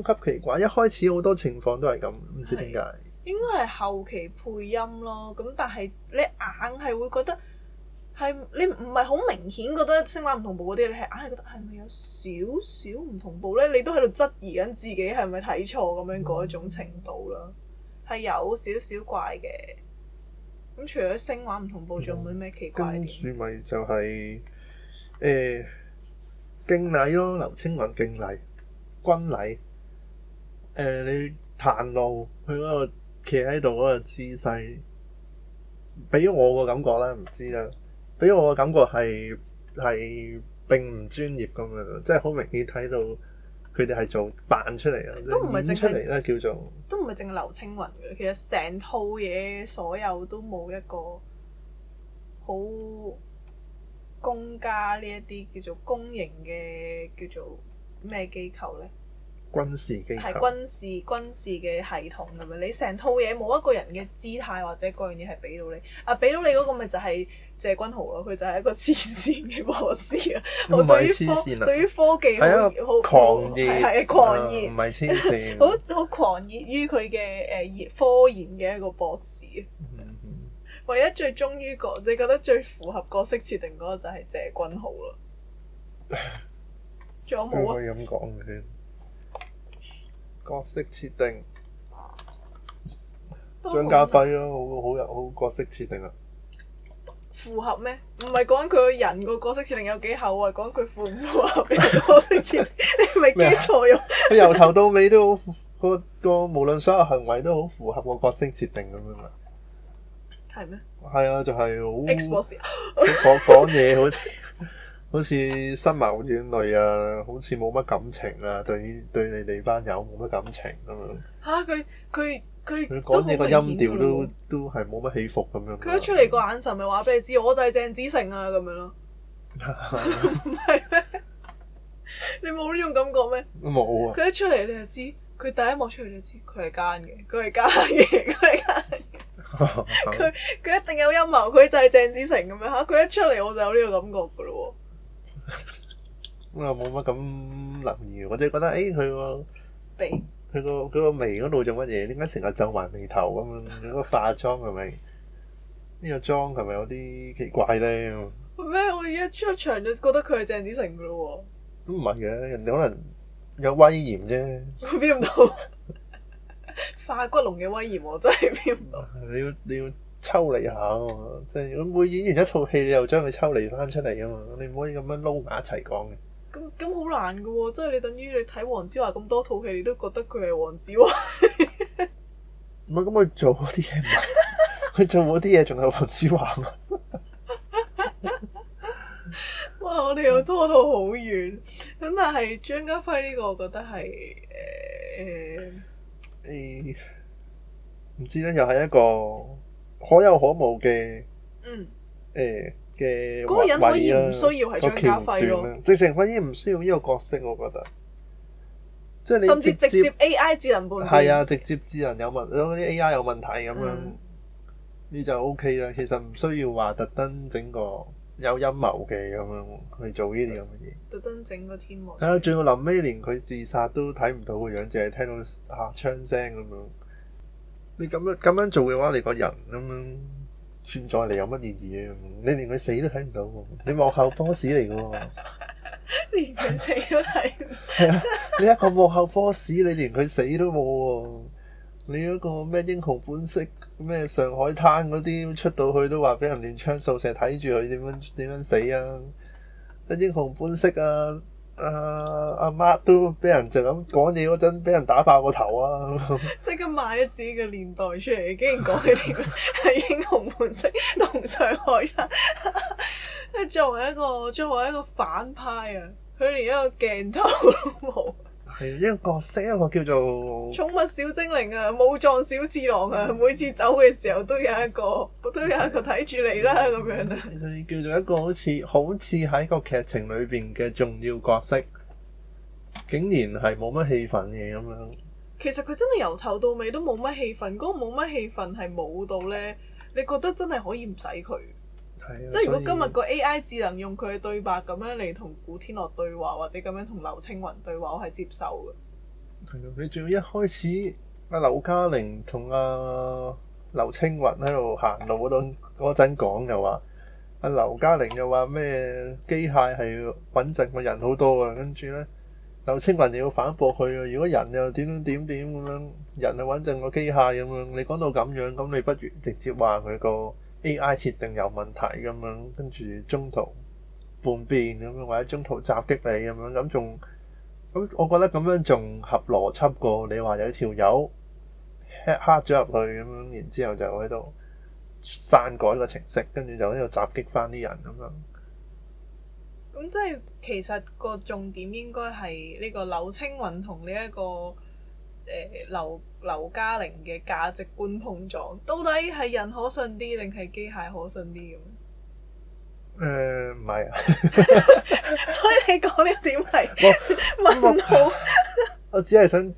超級奇怪。一開始好多情況都係咁，唔知點解。應該係後期配音咯。咁但係你硬係會覺得。係你唔係好明顯覺得聲畫唔同步嗰啲，你係硬係覺得係咪有少少唔同步咧？你都喺度質疑緊自己係咪睇錯咁樣嗰一種程度啦。係、嗯、有少少怪嘅。咁除咗聲畫唔同步，仲有冇咩奇怪嘅？跟住咪就係、是、誒、呃、敬禮咯，劉青雲敬禮軍禮。誒、呃，你行路佢嗰個企喺度嗰個姿勢，俾咗我個感覺咧，唔知啦。俾我嘅感覺係係並唔專業咁樣，即係好明顯睇到佢哋係做扮出嚟啊，都唔係正係演出嚟咧，叫做都唔係淨係劉青雲嘅，其實成套嘢所有都冇一個好公家呢一啲叫做公營嘅叫做咩機構咧。軍事機係軍事軍事嘅系統，係咪？你成套嘢冇一個人嘅姿態或者嗰樣嘢係俾到你啊？俾到你嗰個咪就係謝君豪咯，佢就係一個黐線嘅博士啊！我對於對於科技係啊，狂熱係狂熱，唔係黐線，好好狂熱於佢嘅誒熱科研嘅一個博士。嗯嗯唯一最忠於個你覺得最符合角色設定嗰個就係謝君豪啦。仲有冇？可以咁講嘅。角色設定，張家輝咯，好好好，好，好，好角色設定啊！符合咩？唔係講佢個人個角色設定有幾厚，啊，講佢符合唔符合角色設定？ 你係咪記錯佢由麼 頭到尾都好，個，個，個無論所有行為都好符合個角色設定咁樣啊！係咩嗎？係啊，就係好講講嘢好。 好似深謀遠慮啊，好似冇乜感情啊，對對你哋班友冇乜感情咁樣。吓佢佢佢，講嘢，個音調都都係冇乜起伏咁樣。佢一出嚟個眼神咪話俾你知，我就係鄭子誠啊咁樣咯。唔係咩？你冇呢種感覺咩？冇啊。佢一出嚟你就知，佢第一幕出嚟就知，佢係奸嘅，佢係奸嘅，佢係奸，佢佢一定有陰謀，佢就係鄭子誠咁樣吓。佢一出嚟我就有呢個感覺噶咯。咁又冇乜咁留意，我只係覺得誒，佢、欸、個鼻，佢個佢個眉嗰度做乜嘢？點解成日皺埋眉頭咁啊？嗰、 佢個化妝係咪呢個妝係咪有啲奇怪咧？咩？我一出場就覺得佢係鄭子誠噶咯喎，都唔係嘅，人哋可能有威嚴啫，我 feel 唔到化骨龍嘅威嚴，我真係 feel 唔到 你。你要你要。抽離下喎，即係我每演完一套戲，你又將佢抽離翻出嚟㗎嘛，你唔可以咁樣撈埋一齊講嘅。咁咁好難嘅喎，即係你等於你睇黃子華咁多套戲，你都覺得佢係黃子華。唔係咁佢做嗰啲嘢唔係，佢做嗰啲嘢仲係黃子華 哇！我哋又拖到好遠，咁、嗯、但係張家輝呢個，我覺得係誒誒唔知咧，又係一個。可有可無嘅，欸、嗯，誒嘅、啊，嗰個人可以唔需要係張家輝咁咯，直情可以唔需要呢個角色，我覺得，即、就、係、是、甚至直接 A I 智能扮演。係啊，直接智能有問題，嗰啲 A I 有問題咁樣，嗯、你就 O K 啦。其實唔需要話特登整個有陰謀嘅咁樣去做呢啲咁嘅嘢，特登整個天幕。係啊，仲要臨尾連佢自殺都睇唔到個樣、啊、樣，淨係聽到吓槍聲咁樣。你咁樣咁樣做嘅話，你個人咁樣存在嚟有乜意義？你連佢死都睇唔到，你幕後 boss 嚟嘅喎， 連佢死都睇 你一個幕後 boss，你連佢死都冇喎。你嗰個咩英雄本色咩上海灘嗰啲出到去都話俾人亂槍掃射，睇住佢點樣點樣死啊？英雄本色啊！誒，阿媽都俾人就咁講嘢嗰陣，俾人打爆個頭啊！即 刻賣咗自己嘅年代出嚟，竟然講佢哋係英雄本色同上海人。佢作為一個，作為一個反派啊，佢連一個鏡頭都冇。係一個角色，一個叫做……寵物小精靈啊，武藏小次郎啊，每次走嘅時候都有一個，都有一個睇住你啦、啊、咁樣啊。其實叫做一個好似好似喺個劇情裏邊嘅重要角色，竟然係冇乜戲份嘅咁樣。其實佢真係由頭到尾都冇乜戲份。嗰、那個冇乜戲份係冇到呢？你覺得真係可以唔使佢？即係如果今日個 AI 智能用佢嘅對白咁樣嚟同古天樂對話，或者咁樣同劉青雲對話，我係接受嘅。佢仲要一開始阿劉嘉玲同阿劉青雲喺度行路嗰度嗰陣講就話阿劉嘉玲又話咩機械係穩陣過人好多啊，跟住呢，劉青雲又要反駁佢啊。如果人又點點點點咁樣，人係穩陣過機械咁樣，你講到咁樣，咁你不如直接話佢個。A.I. 設定有問題咁樣，跟住中途叛變咁樣，或者中途襲擊你咁樣，咁仲咁我覺得咁樣仲合邏輯過。你話有條友黑咗入去咁樣，然之後就喺度篡改個程式，跟住就喺度襲擊翻啲人咁樣。咁即係其實個重點應該係呢個劉青雲同呢一個誒、呃、劉劉嘉玲嘅價值觀碰撞，到底係人可信啲，定係機械可信啲咁？誒、呃，唔係、啊， 所以你講呢點係問號？我只係想舉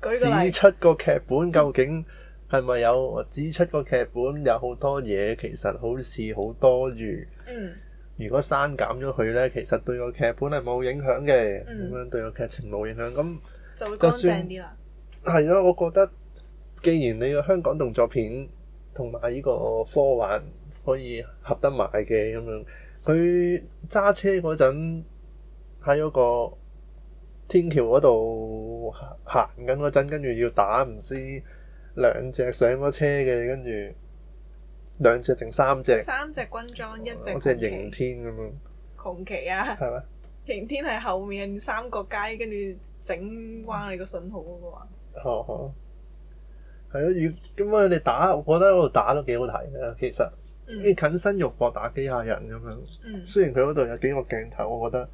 個指出個劇本究竟係咪有指出個劇本有好多嘢，其實好似好多餘。嗯，如果刪減咗佢呢，其實對個劇本係冇影響嘅，咁、嗯、樣對個劇情冇影響，咁就，就會乾淨啲啦。係咯，我覺得既然你個香港動作片同埋呢個科幻可以合得埋嘅咁樣，佢揸車嗰陣喺嗰個天橋嗰度行緊嗰陣，跟住要打唔知兩隻上咗車嘅，跟住兩隻定三隻？三隻軍裝，哦、一隻？好似係刑天咁樣。窮奇啊！係咩、啊？刑天係後面三個雞跟住整歪你個信號嗰個啊！哦，係咯，如，咁啊，你打，我覺得嗰度打都幾好睇啊。其實，啲、嗯、近身肉搏打機械人咁樣，嗯、雖然佢嗰度有幾個鏡頭，我覺得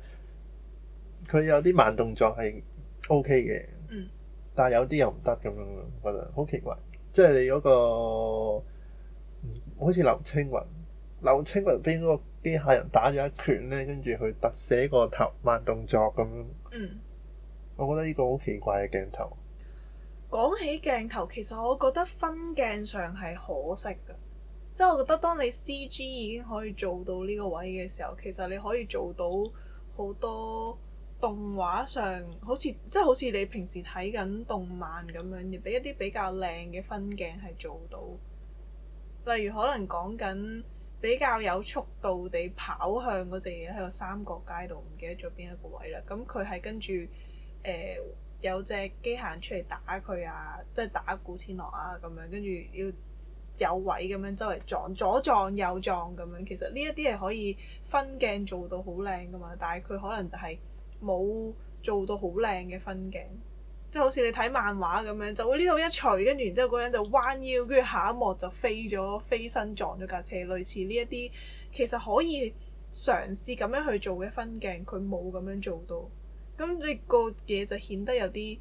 佢有啲慢動作係 OK 嘅，嗯、但係有啲又唔得咁樣，我覺得好奇怪。即係你嗰、嗰個，好似劉青雲，劉青雲俾嗰個機械人打咗一拳咧，跟住佢特寫個頭慢動作咁樣，嗯、我覺得呢個好奇怪嘅鏡頭。講起鏡頭，其實我覺得分鏡上係可惜嘅，即係我覺得當你 CG 已經可以做到呢個位嘅時候，其實你可以做到好多動畫上，好似即係好似你平時睇緊動漫咁樣，亦俾一啲比較靚嘅分鏡係做到。例如可能講緊比較有速度地跑向嗰隻嘢喺個三角街度，唔記得咗邊一個位啦。咁佢係跟住誒。呃有隻機械人出嚟打佢啊，即係打古天樂啊咁樣，跟住要有位咁樣周圍撞左撞右撞咁樣，其實呢一啲係可以分鏡做到好靚噶嘛，但係佢可能就係冇做到好靚嘅分鏡，即好似你睇漫畫咁樣，就會呢度一除，跟住然之後嗰人就彎腰，跟住下一幕就飛咗飛身撞咗架車，類似呢一啲，其實可以嘗試咁樣去做嘅分鏡，佢冇咁樣做到。咁你個嘢就顯得有啲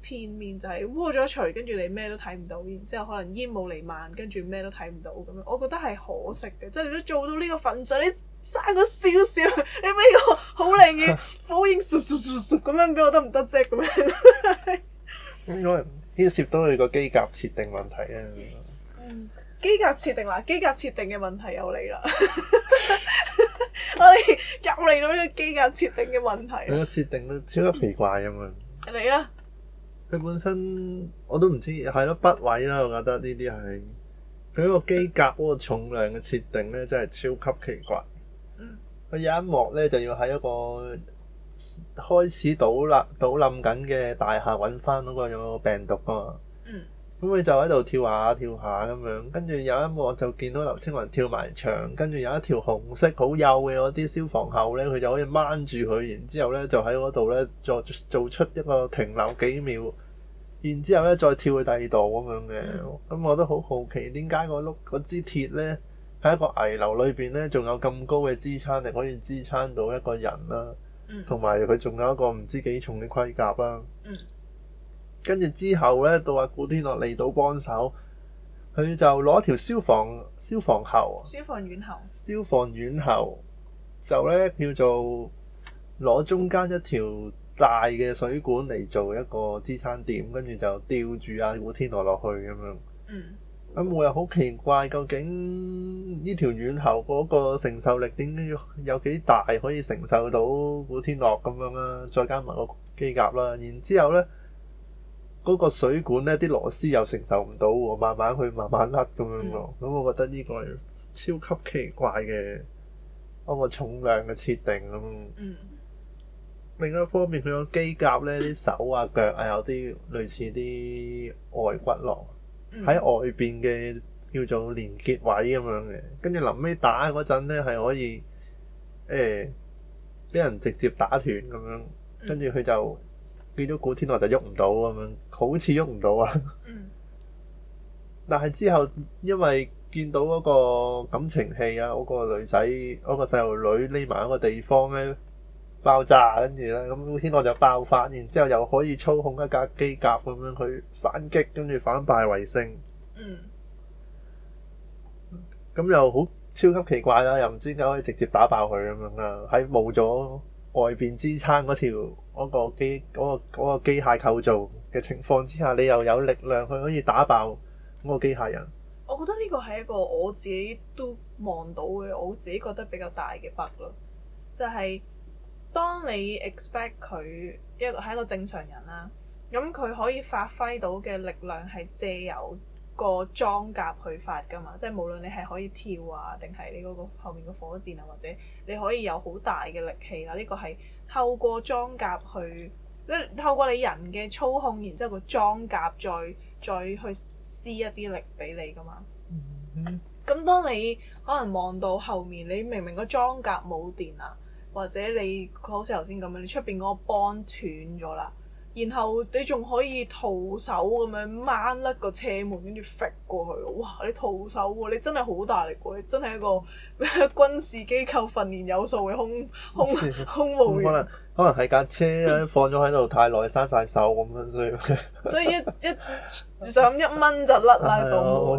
片面，就係窩咗除，跟住你咩都睇唔到，然之後可能煙霧瀰漫，跟住咩都睇唔到咁樣。我覺得係可惜嘅，即係你都做到呢個份上，你差咗少少，你俾個好靚嘅火焰咁樣俾我得唔得啫？咁樣可能牽涉到佢個機甲設定,設定問題啊！機甲設定嗱，機甲設定嘅問題又嚟啦。我哋入嚟到呢個機甲設定嘅問題，佢個設定都超級奇怪咁樣。嚟啦！佢 本身我都唔知係咯，筆位啦，我覺得呢啲係佢個機甲嗰個重量嘅設定呢，真係超級奇怪。佢有一幕呢，就要喺一個開始倒立倒冧緊嘅大廈揾翻嗰個有個病毒噶。咁佢就喺度跳下跳下咁樣，跟住有一幕就見到劉青雲跳埋牆，跟住有一條紅色好幼嘅嗰啲消防喉咧，佢就可以掹住佢，然之後咧就喺嗰度咧做做出一個停留幾秒，然之後咧再跳去第二度咁樣嘅。咁我都好好奇點解個碌嗰支鐵咧喺一個危樓裏邊咧，仲有咁高嘅支撐力可以支撐到一個人啦、啊，同埋佢仲有一個唔知幾重嘅盔甲啦、啊。嗯。跟住之後呢，到阿古天樂嚟到幫手，佢就攞條消防消防喉，消防軟喉，消防軟喉就呢叫做攞中間一條大嘅水管嚟做一個支撐點，跟住就吊住阿古天樂落去咁樣。嗯。咁我又好奇怪，究竟呢條軟喉嗰個承受力點樣？有幾大可以承受到古天樂咁樣啦？再加埋個機甲啦，然之後呢。嗰個水管呢啲螺絲又承受唔到喎。慢慢去，慢慢甩咁樣咯。咁、嗯、我覺得呢個係超級奇怪嘅嗰、嗰個重量嘅設定咁。嗯、另一方面，佢個機甲呢啲手啊腳啊有啲類似啲外骨骼喺、嗯、外邊嘅叫做連結位咁樣嘅。跟住臨尾打嗰陣咧，係可以誒俾、欸、人直接打斷咁樣。跟住佢就見到古天樂就喐唔到咁樣。好似喐唔到啊！ 但係之後，因為見到嗰個感情戲啊，嗰個女仔，嗰個細路女匿埋嗰個地方咧爆炸，跟住咧咁，天樂就爆發，然之後又可以操控一架機甲咁樣去反擊，跟住反敗為勝。咁 又好超級奇怪啦！又唔知點解可以直接打爆佢咁樣啊。喺冇咗外邊支撐嗰條嗰個機嗰個嗰個機械構造嘅情況之下，你又有力量去可以打爆嗰個機械人。我覺得呢個係一個我自己都望到嘅，我自己覺得比較大嘅 bug 咯。就係、是、當你 expect 佢一個係一個正常人啦，咁佢可以發揮到嘅力量係借由個裝甲去發㗎嘛。即、就、係、是、無論你係可以跳啊，定係你嗰個後面個火箭啊，或者你可以有好大嘅力氣啦、啊。呢、這個係透過裝甲去。你透過你人嘅操控，然之後個裝甲再再去施一啲力俾你㗎嘛？咁、mm hmm. 當你可能望到後面，你明明個裝甲冇電啦，或者你好似頭先咁樣，你出面嗰個幫斷咗啦。然後你仲可以徒手咁樣掹甩個車門，跟住揈過去，哇！你徒手喎，你真係好大力喎，你真係一個咩軍事機構訓練有素嘅空空空務員。可能可能係架車咧放咗喺度太耐，生晒手咁樣，所以所以一一想一掹就甩拉個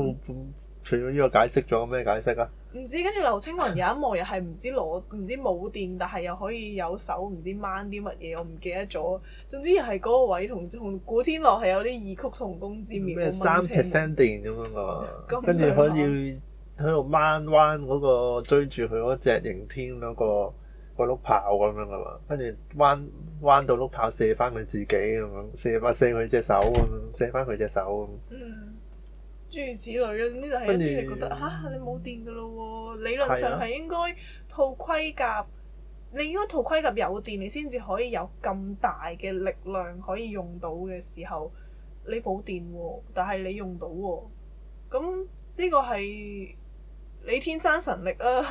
除咗呢個解釋咗，咩解釋啊？唔知，跟住劉青雲有一幕又係唔知攞唔知冇電，但係又可以有手，唔知掹啲乜嘢，我唔記得咗。總之又係嗰個位同同古天樂係有啲異曲同工之妙。咩三 percent 電咁樣啊？跟住可以喺度掹彎嗰個追住佢嗰隻刑天嗰個碌炮咁樣噶嘛，跟住彎彎到碌炮射翻佢自己咁樣，射啊射佢隻手咁，射翻佢隻手咁。手手嗯。諸如此類啊！呢個係一啲你覺得嚇你冇電㗎咯喎。理論上係應該套盔甲，你應該套盔甲有電，你先至可以有咁大嘅力量可以用到嘅時候，你冇電喎，但係你用到喎。咁呢個係你天生神力啊？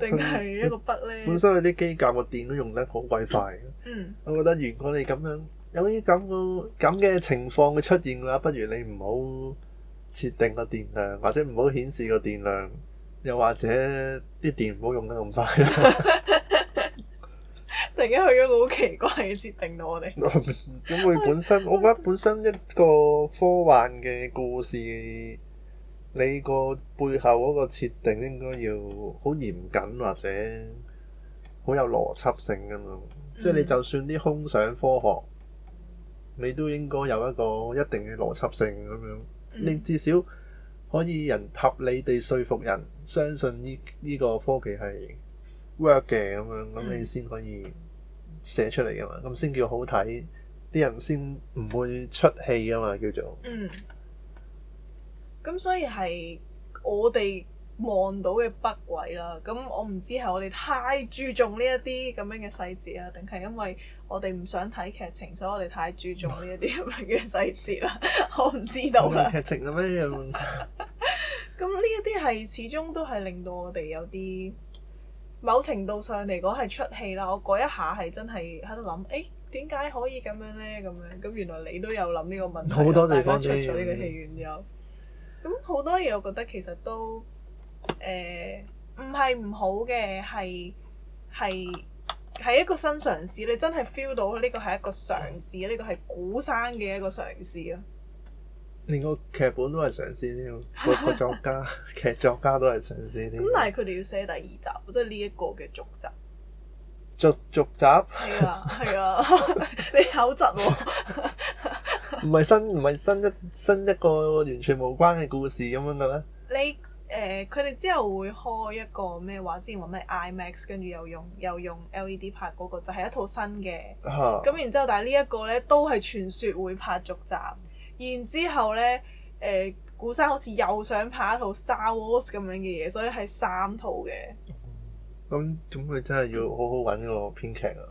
定係一個 bug 呢？本身佢啲機甲個電都用得好鬼快嘅。嗯，我覺得如果你咁樣有啲咁個咁嘅情況嘅出現嘅話，不如你唔好。設定個電量，或者唔好顯示個電量，又或者啲電唔好用得咁快。突然間去咗個好奇怪嘅設定到我哋。咁佢本身， 我覺得本身一個科幻嘅故事，你個背後嗰個設定應該要好嚴謹，或者好有邏輯性咁樣。即係、嗯、你就算啲空想科學，你都應該有一個一定嘅邏輯性咁樣。你至少可以人合理地說服人相信呢，呢個科技係 work 嘅，咁樣，咁你先可以寫出嚟噶嘛，咁先叫好睇，啲人先唔會出戲噶嘛，叫做。嗯。咁所以係我哋。望到嘅北位啦，咁我唔知係我哋太注重呢一啲咁樣嘅細節啊，定係因為我哋唔想睇劇情，所以我哋太注重呢一啲咁樣嘅細節啦， 我唔知道啦。劇情有咩問題？咁呢一啲係始終都係令到我哋有啲某程度上嚟講係出戲啦。我嗰一下係真係喺度諗，誒點解可以咁樣咧？咁樣，咁原來你都有諗呢個問題。好多大家出咗呢個戲院有。咁好多嘢，我覺得其實都。誒，唔係唔好嘅，係係係一個新嘗試。你真係 feel 到呢個係一個嘗試，呢個係古生嘅一個嘗試咯。連個劇本都係嘗試添，個作家劇 作家都係嘗試添。咁但係佢哋要寫第二集，即係呢一個嘅續集。續續集係啊係啊，啊 你口窒喎、啊？唔係 新唔係新一新一個完全無關嘅故事咁樣嘅咩？你？誒，佢哋之後會開一個咩話？之前話咩 IMAX，跟住又用又用 LED 拍嗰個就係一套新嘅。咁然之後，但係呢一個咧都係傳說會拍續集。然之後咧，誒，古生好似又想拍一套 Star Wars 咁樣嘅嘢，所以係三套嘅。咁咁佢真係要好好搵個編劇啊！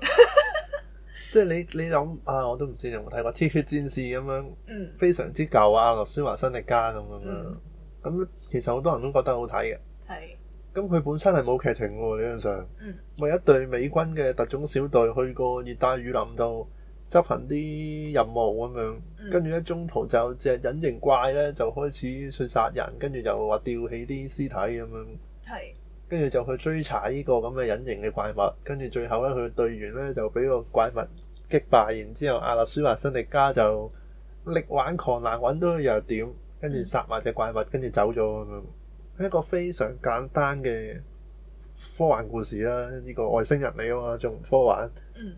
即係你你諗啊，我都唔知你有冇睇過《鐵血戰士》咁樣，非常之舊啊，羅斯華新力加咁樣。咁其實好多人都覺得好睇嘅。係是。咁佢本身係冇劇情喎，理論上。嗯。咪一隊美軍嘅特種小隊去過熱帶雨林度執行啲任務咁樣，跟住、嗯、一中途就隻隱形怪咧就開始去殺人，跟住又話吊起啲屍體咁樣。係是。跟住就去追查呢個咁嘅隱形嘅怪物，跟住最後咧佢隊員咧就俾個怪物擊敗，然之後阿諾舒華辛力加就力挽狂瀾，揾到弱點。跟住殺埋隻怪物，跟住走咗咁樣，一個非常簡單嘅科幻故事啦。呢、這個外星人嚟啊嘛，仲科幻。嗯。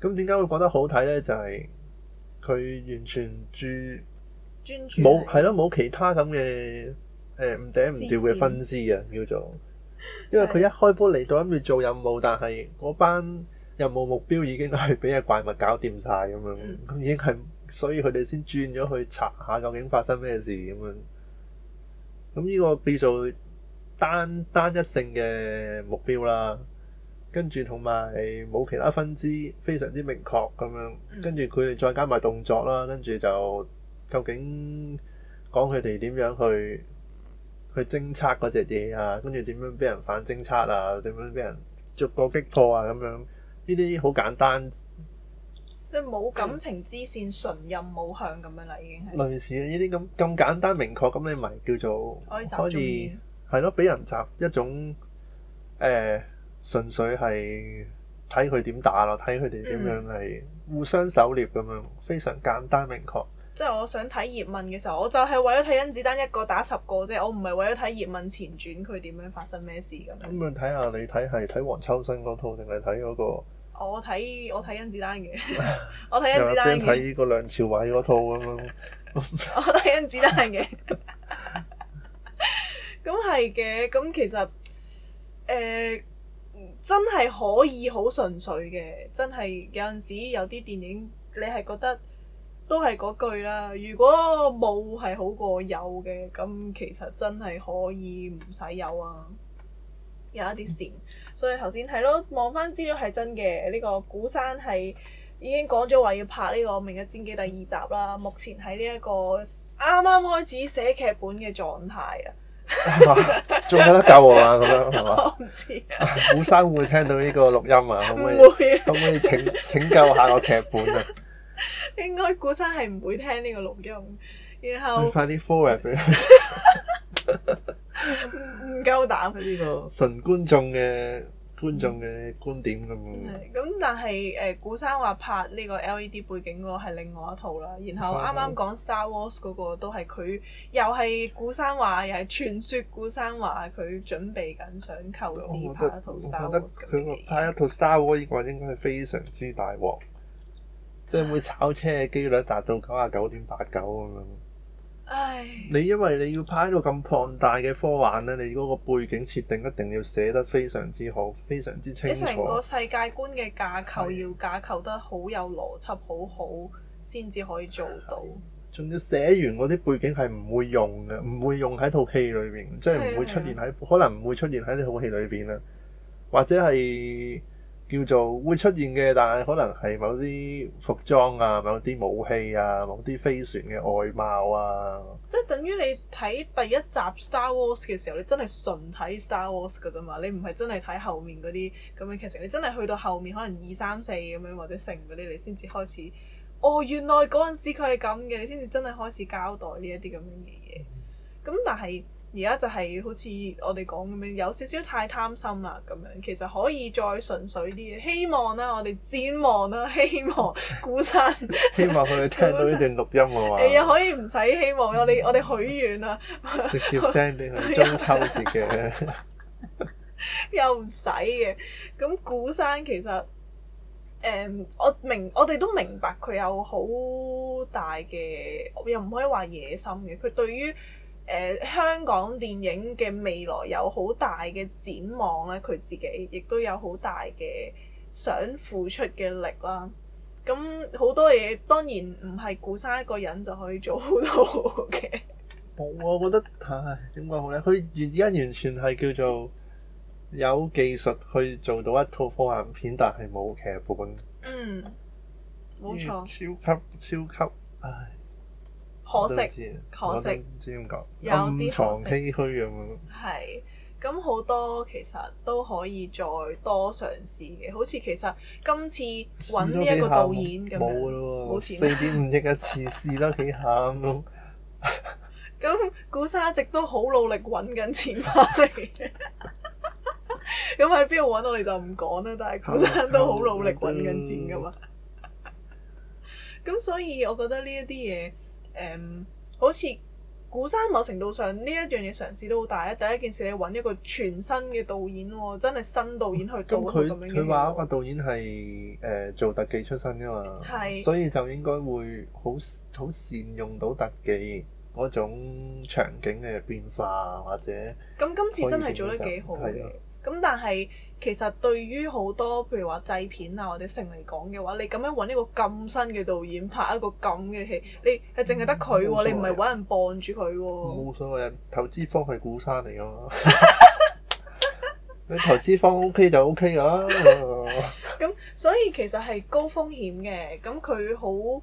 咁點解會覺得好睇咧？就係、是、佢完全住，冇係咯，冇其他咁嘅誒唔嗲唔吊嘅分支啊，叫做。因為佢一開波嚟到諗住做任務，的但係嗰班任務目標已經係俾隻怪物搞掂晒。咁樣，咁、嗯嗯、已經係。所以佢哋先轉咗去查下究竟發生咩事咁樣，咁呢個叫做單單一性嘅目標啦，跟住同埋冇其他分支，非常之明確咁樣。跟住佢哋再加埋動作啦，跟住就究竟講佢哋點樣去去偵測嗰隻嘢啊，跟住點樣俾人反偵測啊，點樣俾人逐個擊破啊咁樣。呢啲好簡單。即係冇感情之線，嗯、純任冇向咁樣啦，已經係。類似啊，呢啲咁咁簡單明確，咁你咪叫做可以，可以，係咯，俾人集一種誒、呃，純粹係睇佢點打咯，睇佢哋點樣係、嗯、互相狩獵咁樣，非常簡單明確。即係我想睇葉問嘅時候，我就係為咗睇甄子丹一個打十個啫，我唔係為咗睇葉問前傳佢點樣發生咩事咁樣。咁樣睇下，看看你睇係睇黃秋生嗰套定係睇嗰個？我睇我睇甄子丹嘅，我睇甄子丹嘅。 有冇睇過梁朝偉嗰套咁、啊？ 我睇甄子丹嘅，咁係嘅。咁其實誒、呃，真係可以好純粹嘅。真係有陣時有啲電影，你係覺得都係嗰句啦。如果冇係好過有嘅，咁其實真係可以唔使有啊。有一啲事，所以頭先睇咯，望翻資料係真嘅。呢、這個古山係已經講咗話要拍呢、這個《明日戰記》第二集啦，目前喺呢一個啱啱開始寫劇本嘅狀態 啊，仲有得救啊嘛？咁樣係嘛？我唔知古生會聽到呢個錄音啊？會可唔可以？可唔可以請請救下個劇本啊？應該古生係唔會聽呢個錄音，然後快啲 forward。 唔唔 夠膽佢呢個純觀眾嘅觀眾嘅觀點咁樣。咁但係誒、呃、古生話拍呢個 L E D 背景嗰個係另外一套啦。啊、然後啱啱講 Star Wars 嗰個都係佢又係古生話，又係傳説古生話，佢準備緊想構思拍一套 Star Wars 咁拍一套 Star Wars 嘅話，應該係非常之大鑊，即係、啊、會炒車機率達到九十九點八九咁樣。唉你因為你要拍一個咁龐大嘅科幻咧，你嗰個背景設定一定要寫得非常之好，非常之清楚。成個世界觀嘅架構要架構得有邏輯的好有邏輯，好好先至可以做到。仲要寫完嗰啲背景係唔會用嘅，唔會用喺套戲裏邊，即係唔會出現喺，的可能唔會出現喺呢套戲裏邊啦，或者係。叫做會出現嘅，但係可能係某啲服裝啊、某啲武器啊、某啲飛船嘅外貌啊。即係等於你睇第一集 Star Wars 嘅時候，你真係純睇 Star Wars 㗎啫嘛，你唔係真係睇後面嗰啲咁樣劇情。你真係去到後面可能二三四咁樣或者成嗰啲，你先至開始。哦，原來嗰陣時佢係咁嘅，你先至真係開始交代呢一啲咁樣嘅嘢。咁但係。而家就係好似我哋講咁樣，有少少太貪心啦咁樣，其實可以再純粹啲嘅。希望啦、啊，我哋展望啦、啊，希望古山。 希望佢哋聽到呢段錄音嘅話。誒，呃、可以唔使希望，我哋、嗯、我哋許願啊！直接聽定去中秋節嘅。 又唔使嘅，咁古山其實，呃、我明我哋都明白佢有好大嘅，又唔可以話野心嘅，佢對於。誒、呃、香港電影嘅未來有好大嘅展望咧，佢自己亦都有好大嘅想付出嘅力啦。咁好多嘢當然唔係孤生一個人就可以做好多嘅。 我覺得，唉點講好咧？佢而家完全係叫做有技術去做到一套科幻片，但係冇劇本。嗯，冇錯，超級超級，唉。可惜，可惜，唔知點講，暗藏唏噓咁樣。係，咁好多其實都可以再多嘗試嘅，好似其實今次揾呢一個導演咁，冇咯喎，四點五億一次試得幾下咁咁 古生一直都好努力揾緊錢翻嚟嘅，咁喺邊度揾我哋就唔講啦。但係古生都好努力揾緊錢噶嘛。咁 所以，我覺得呢一啲嘢。誒，um, 好似古山某程度上呢一樣嘢嘗試都好大啊！第一件事你揾一個全新嘅導演喎、哦，真係新導演去導演、嗯。咁佢佢話個導演係誒、呃、做特技出身噶嘛，是所以就應該會好好善用到特技嗰種場景嘅變化或者、嗯。咁今次真係做得幾好嘅，咁、啊、但係。其實對於好多譬如話製片啊或者成嚟講嘅話，你咁樣揾一個咁新嘅導演拍一個咁嘅戲，你係淨係得佢喎，嗯、你唔係揾人傍住佢喎。冇所謂，投資方係股山嚟噶嘛，你 投資方 O、OK、K 就 OK 噶啦。咁 所以其實係高風險嘅，咁佢好。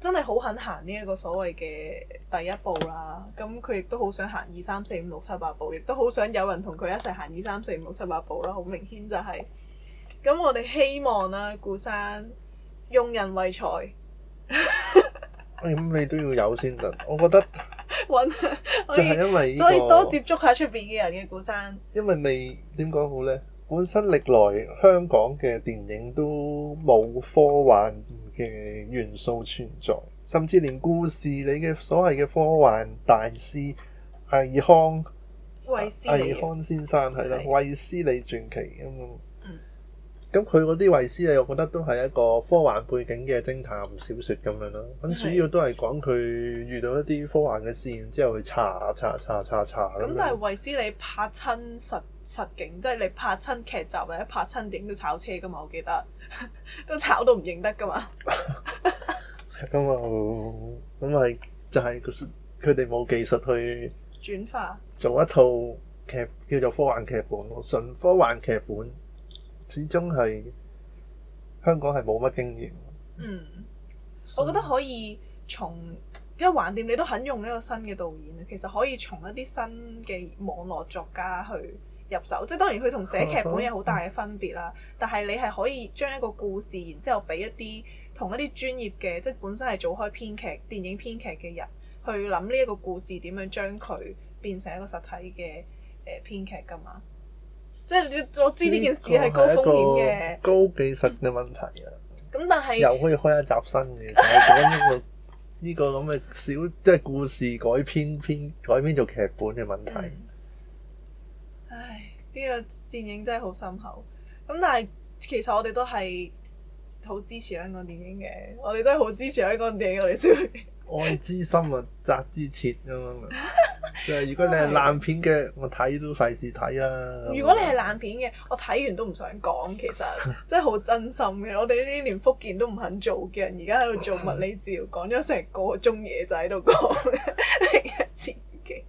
真係好肯行呢一個所謂嘅第一步啦，咁佢亦都好想行二三四五六七八步，亦都好想有人同佢一齊行二三四五六七八步啦，好明顯就係。咁我哋希望啦，古生用人為財。誒咁你都要有先得，我覺得。揾，就係因為可以多接觸下出邊嘅人嘅古生。因為未點講好呢，本身歷來香港嘅電影都冇科幻。嘅元素存在，甚至連故事，你嘅所謂嘅科幻大師阿爾康，阿爾康先生係啦，衛斯理傳奇咁、嗯咁佢嗰啲衛斯理，我覺得都係一個科幻背景嘅偵探小説咁樣咯。咁主要都係講佢遇到一啲科幻嘅事，然之後去查查查查查咁。查查 但係衛斯理你拍親實實景，即、就、係、是、你拍親劇集或者拍親影都炒車噶嘛？我記得 都炒到唔認得噶嘛。咁 啊、 嗯，咁係就係佢哋冇技術去轉化做一套劇叫做科幻劇本咯，純科幻劇本。始終係香港係冇乜經驗。嗯，以我覺得可以從因為橫掂你都肯用一個新嘅導演，其實可以從一啲新嘅網絡作家去入手。即係當然，佢同寫劇本有好大嘅分別啦。嗯、但係你係可以將一個故事，嗯、然之後俾一啲同一啲專業嘅，即係本身係做開編劇、電影編劇嘅人去諗呢一個故事點樣將佢變成一個實體嘅誒、呃、編劇㗎嘛。即係要我知呢件事係高風險嘅，高技術嘅問題啊！咁、嗯、但係又可以開一集新嘅、呢個， 就係講呢個呢個咁嘅小即係故事改編編改編做劇本嘅問題。嗯、唉，呢、呢個電影真係好深厚。咁但係其實我哋都係好支持香港電影嘅，我哋都係好支持香港電影我哋先。愛之深啊，責之切咁樣。 就係如果你係爛片嘅，我睇都費事睇啦。如果你係爛片嘅，我睇完都唔想講。其實真係好真心嘅。我哋呢啲連福建都唔肯做嘅人，而家喺度做物理治療，講咗成個鐘嘢就喺度講，係啊自己。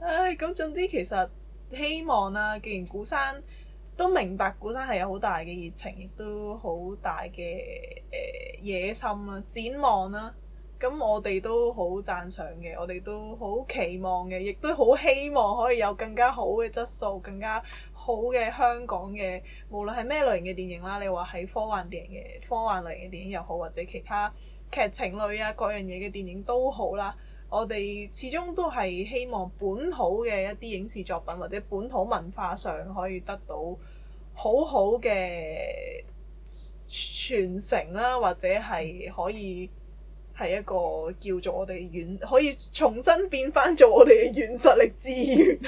唉，咁總之其實希望啦、啊。既然古生都明白，古生係有好大嘅熱情，亦都好大嘅誒野心啊，展望啦、啊。咁我哋都好讚賞嘅，我哋都好期望嘅，亦都好希望可以有更加好嘅質素，更加好嘅香港嘅，無論係咩類型嘅電影啦，你話係科幻電影嘅科幻類型嘅電影又好，或者其他劇情類啊各樣嘢嘅電影都好啦。我哋始終都係希望本土嘅一啲影視作品或者本土文化上可以得到好好嘅傳承啦，或者係可以。係一個叫做我哋遠可以重新變翻做我哋嘅軟實力資源，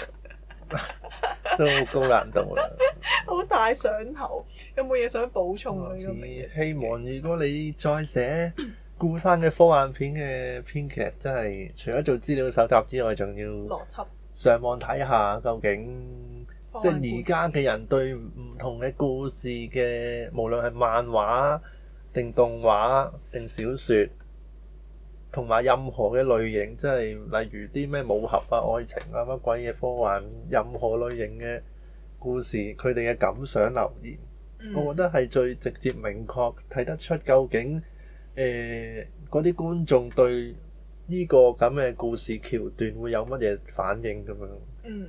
都好高難度， 好大上頭。有冇嘢想補充？希望如果你再寫故山嘅科幻片嘅編劇，真係 除咗做資料蒐集之外，仲要邏輯上網睇下究竟，即係而家嘅人對唔同嘅故事嘅，無論係漫畫定動畫定小説。同埋任何嘅類型，即係例如啲咩武俠啊、愛情啊、乜鬼嘢科幻，任何類型嘅故事，佢哋嘅感想留言，嗯、我覺得係最直接明確睇得出究竟誒嗰啲觀眾對呢個咁嘅故事橋段會有乜嘢反應咁樣。嗯。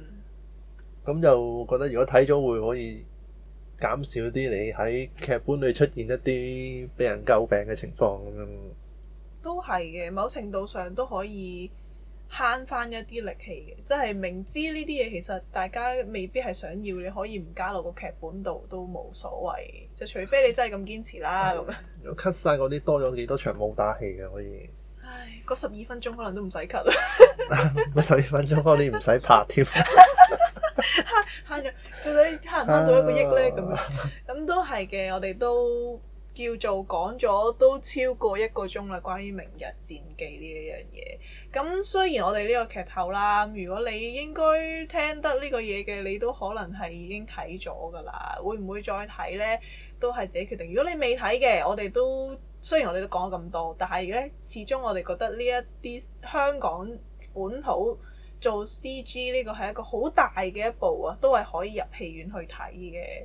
咁就覺得如果睇咗會可以減少啲你喺劇本裏出現一啲俾人詬病嘅情況咁樣。嗯。都係嘅，某程度上都可以慳翻一啲力氣嘅，即係明知呢啲嘢其實大家未必係想要，你可以唔加落個劇本度都冇所謂，就除非你真係咁堅持啦咁。cut 曬嗰啲多咗幾多場武打戲嘅可以？唉，個十二分鐘可能都唔使咳 u t 啦，十二 分鐘嗰你唔使拍添，慳慳咗，最底慳翻到一個億咧咁，咁都係嘅，我哋都。叫做講咗都超過一個鐘啦，關於《明日戰記》呢一樣嘢。咁雖然我哋呢個劇透啦，如果你應該聽得呢個嘢嘅，你都可能係已經睇咗㗎啦。會唔會再睇呢？都係自己決定。如果你未睇嘅，我哋都雖然我哋都講咗咁多，但係呢，始終我哋覺得呢一啲香港本土做 CG 呢個係一個好大嘅一步啊，都係可以入戲院去睇嘅。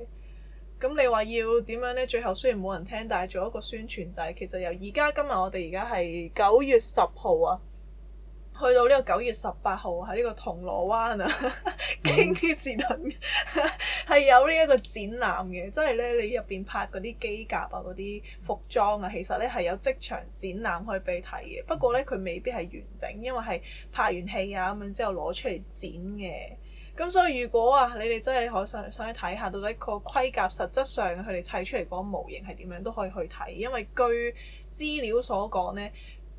咁你話要點樣咧？最後雖然冇人聽，但係做一個宣傳就係其實由而家今日我哋而家係九月十號啊，去到呢個九月十八號喺呢個銅鑼灣啊，嗯、經典時代係 有呢一個展覽嘅，即係咧你入邊拍嗰啲機甲啊、嗰啲服裝啊，其實咧係有即場展覽可以俾你睇嘅。不過咧佢未必係完整，因為係拍完戲啊咁樣之後攞出嚟展嘅。咁所以如果啊，你哋真係可想上，上去睇下，到底個盔甲實質上佢哋砌出嚟個模型係點樣都可以去睇。因為據資料所講咧，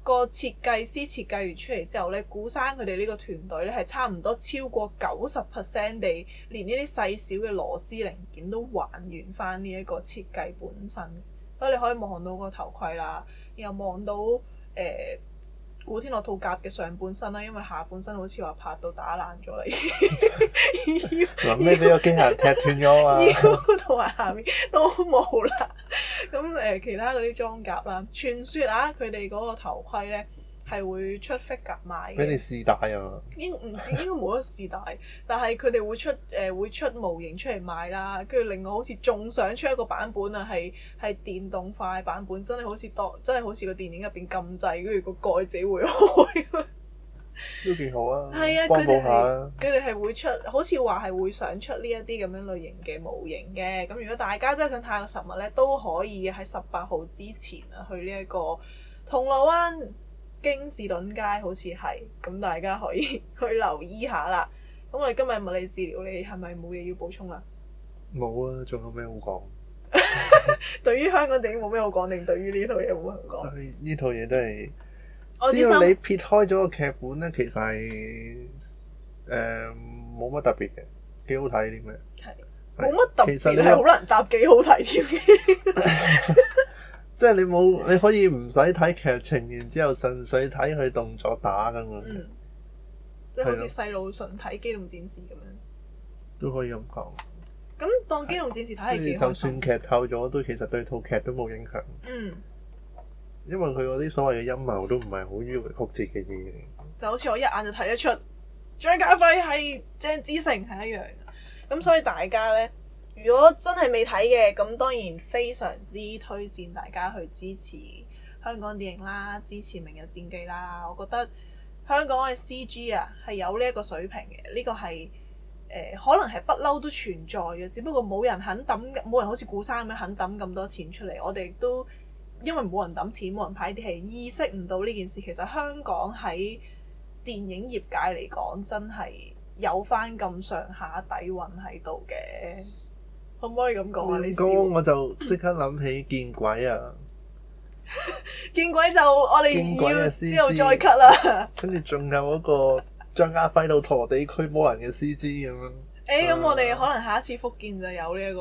個設計師設計完出嚟之後咧，古生佢哋呢個團隊咧係差唔多超過九十 percent 地，連呢啲細小嘅螺絲零件都還原翻呢一個設計本身。所以你可以望到個頭盔啦，又望到誒。呃古天樂套甲嘅上半身啦，因為下半身好似話拍到打爛咗嚟，諗咩 機械踢斷咗嘛、腰，同埋下面都冇啦。咁誒、呃，其他嗰啲裝甲啦，傳説啊，佢哋嗰個頭盔咧。係會出 figure 賣嘅，俾啲試帶啊！應唔知應該冇得試帶， 但係佢哋會出誒、呃、會出模型出嚟賣啦。跟住令我好似仲想出一個版本啊，係係電動化版本，真係好似當真係好似個電影入邊㩒掣，跟住個蓋子會開，都 幾好啊！係啊，佢哋係佢哋係會出，好似話係會想出呢一啲咁樣類型嘅模型嘅。咁如果大家真係想睇個實物咧，都可以喺十八號之前啊去呢一個銅鑼灣。京士頓街好似係，咁大家可以去留意下啦。咁我哋今日物理治療，你係咪冇嘢要補充呀？冇啊，仲有咩好講？ 對於香港電影冇咩好講，定對於呢套嘢冇咩好講？呢套嘢都係，我知只要你撇開咗個劇本咧，其實係誒冇乜特別嘅，幾好睇啲咩？係冇乜特別其實，係好難答，幾好睇添。即係你冇，你可以唔使睇劇情，然之後純粹睇佢動作打咁啊！嗯、的即係好似細路純睇《機動戰士》咁樣，都可以咁講。咁當《機動戰士》睇係、嗯、就算劇透咗，都、嗯、其實對套劇都冇影響。嗯。因為佢嗰啲所謂嘅陰謀都唔係好迂迴曲折嘅嘢。就好似我一眼就睇得出張家輝係鄭子誠係一樣。咁所以大家呢。如果真係未睇嘅，咁當然非常之推薦大家去支持香港電影啦，支持《明日戰記》啦。我覺得香港嘅 CG 啊係有呢一個水平嘅，呢、這個係誒、呃、可能係不嬲都存在嘅，只不過冇人肯抌，冇人好似古生咁樣肯抌咁多錢出嚟。我哋都因為冇人抌錢，冇人拍啲戲，意識唔到呢件事。其實香港喺電影業界嚟講，真係有翻咁上下底蘊喺度嘅。可唔可以咁講啊？哥你唔我就即刻諗起見鬼啊！ 見鬼就我哋要、啊、之後再 cut 啦。跟住仲有嗰個張家輝到陀地驅魔人嘅師資咁樣。誒咁、 欸，我哋可能下一次福建就有呢、這、一個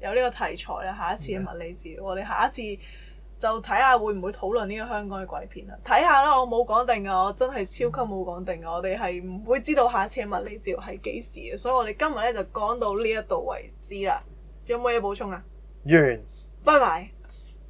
有呢個題材啦。下一次嘅物理治療，的我哋下一次就睇下會唔會討論呢個香港嘅鬼片啦。睇下啦，我冇講定啊。我真係超級冇講定噶。嗯、我哋係唔會知道下一次嘅物理治療係幾時嘅，所以我哋今日咧就講到呢一度為止啦。仲有冇嘢補充啊？完，拜拜。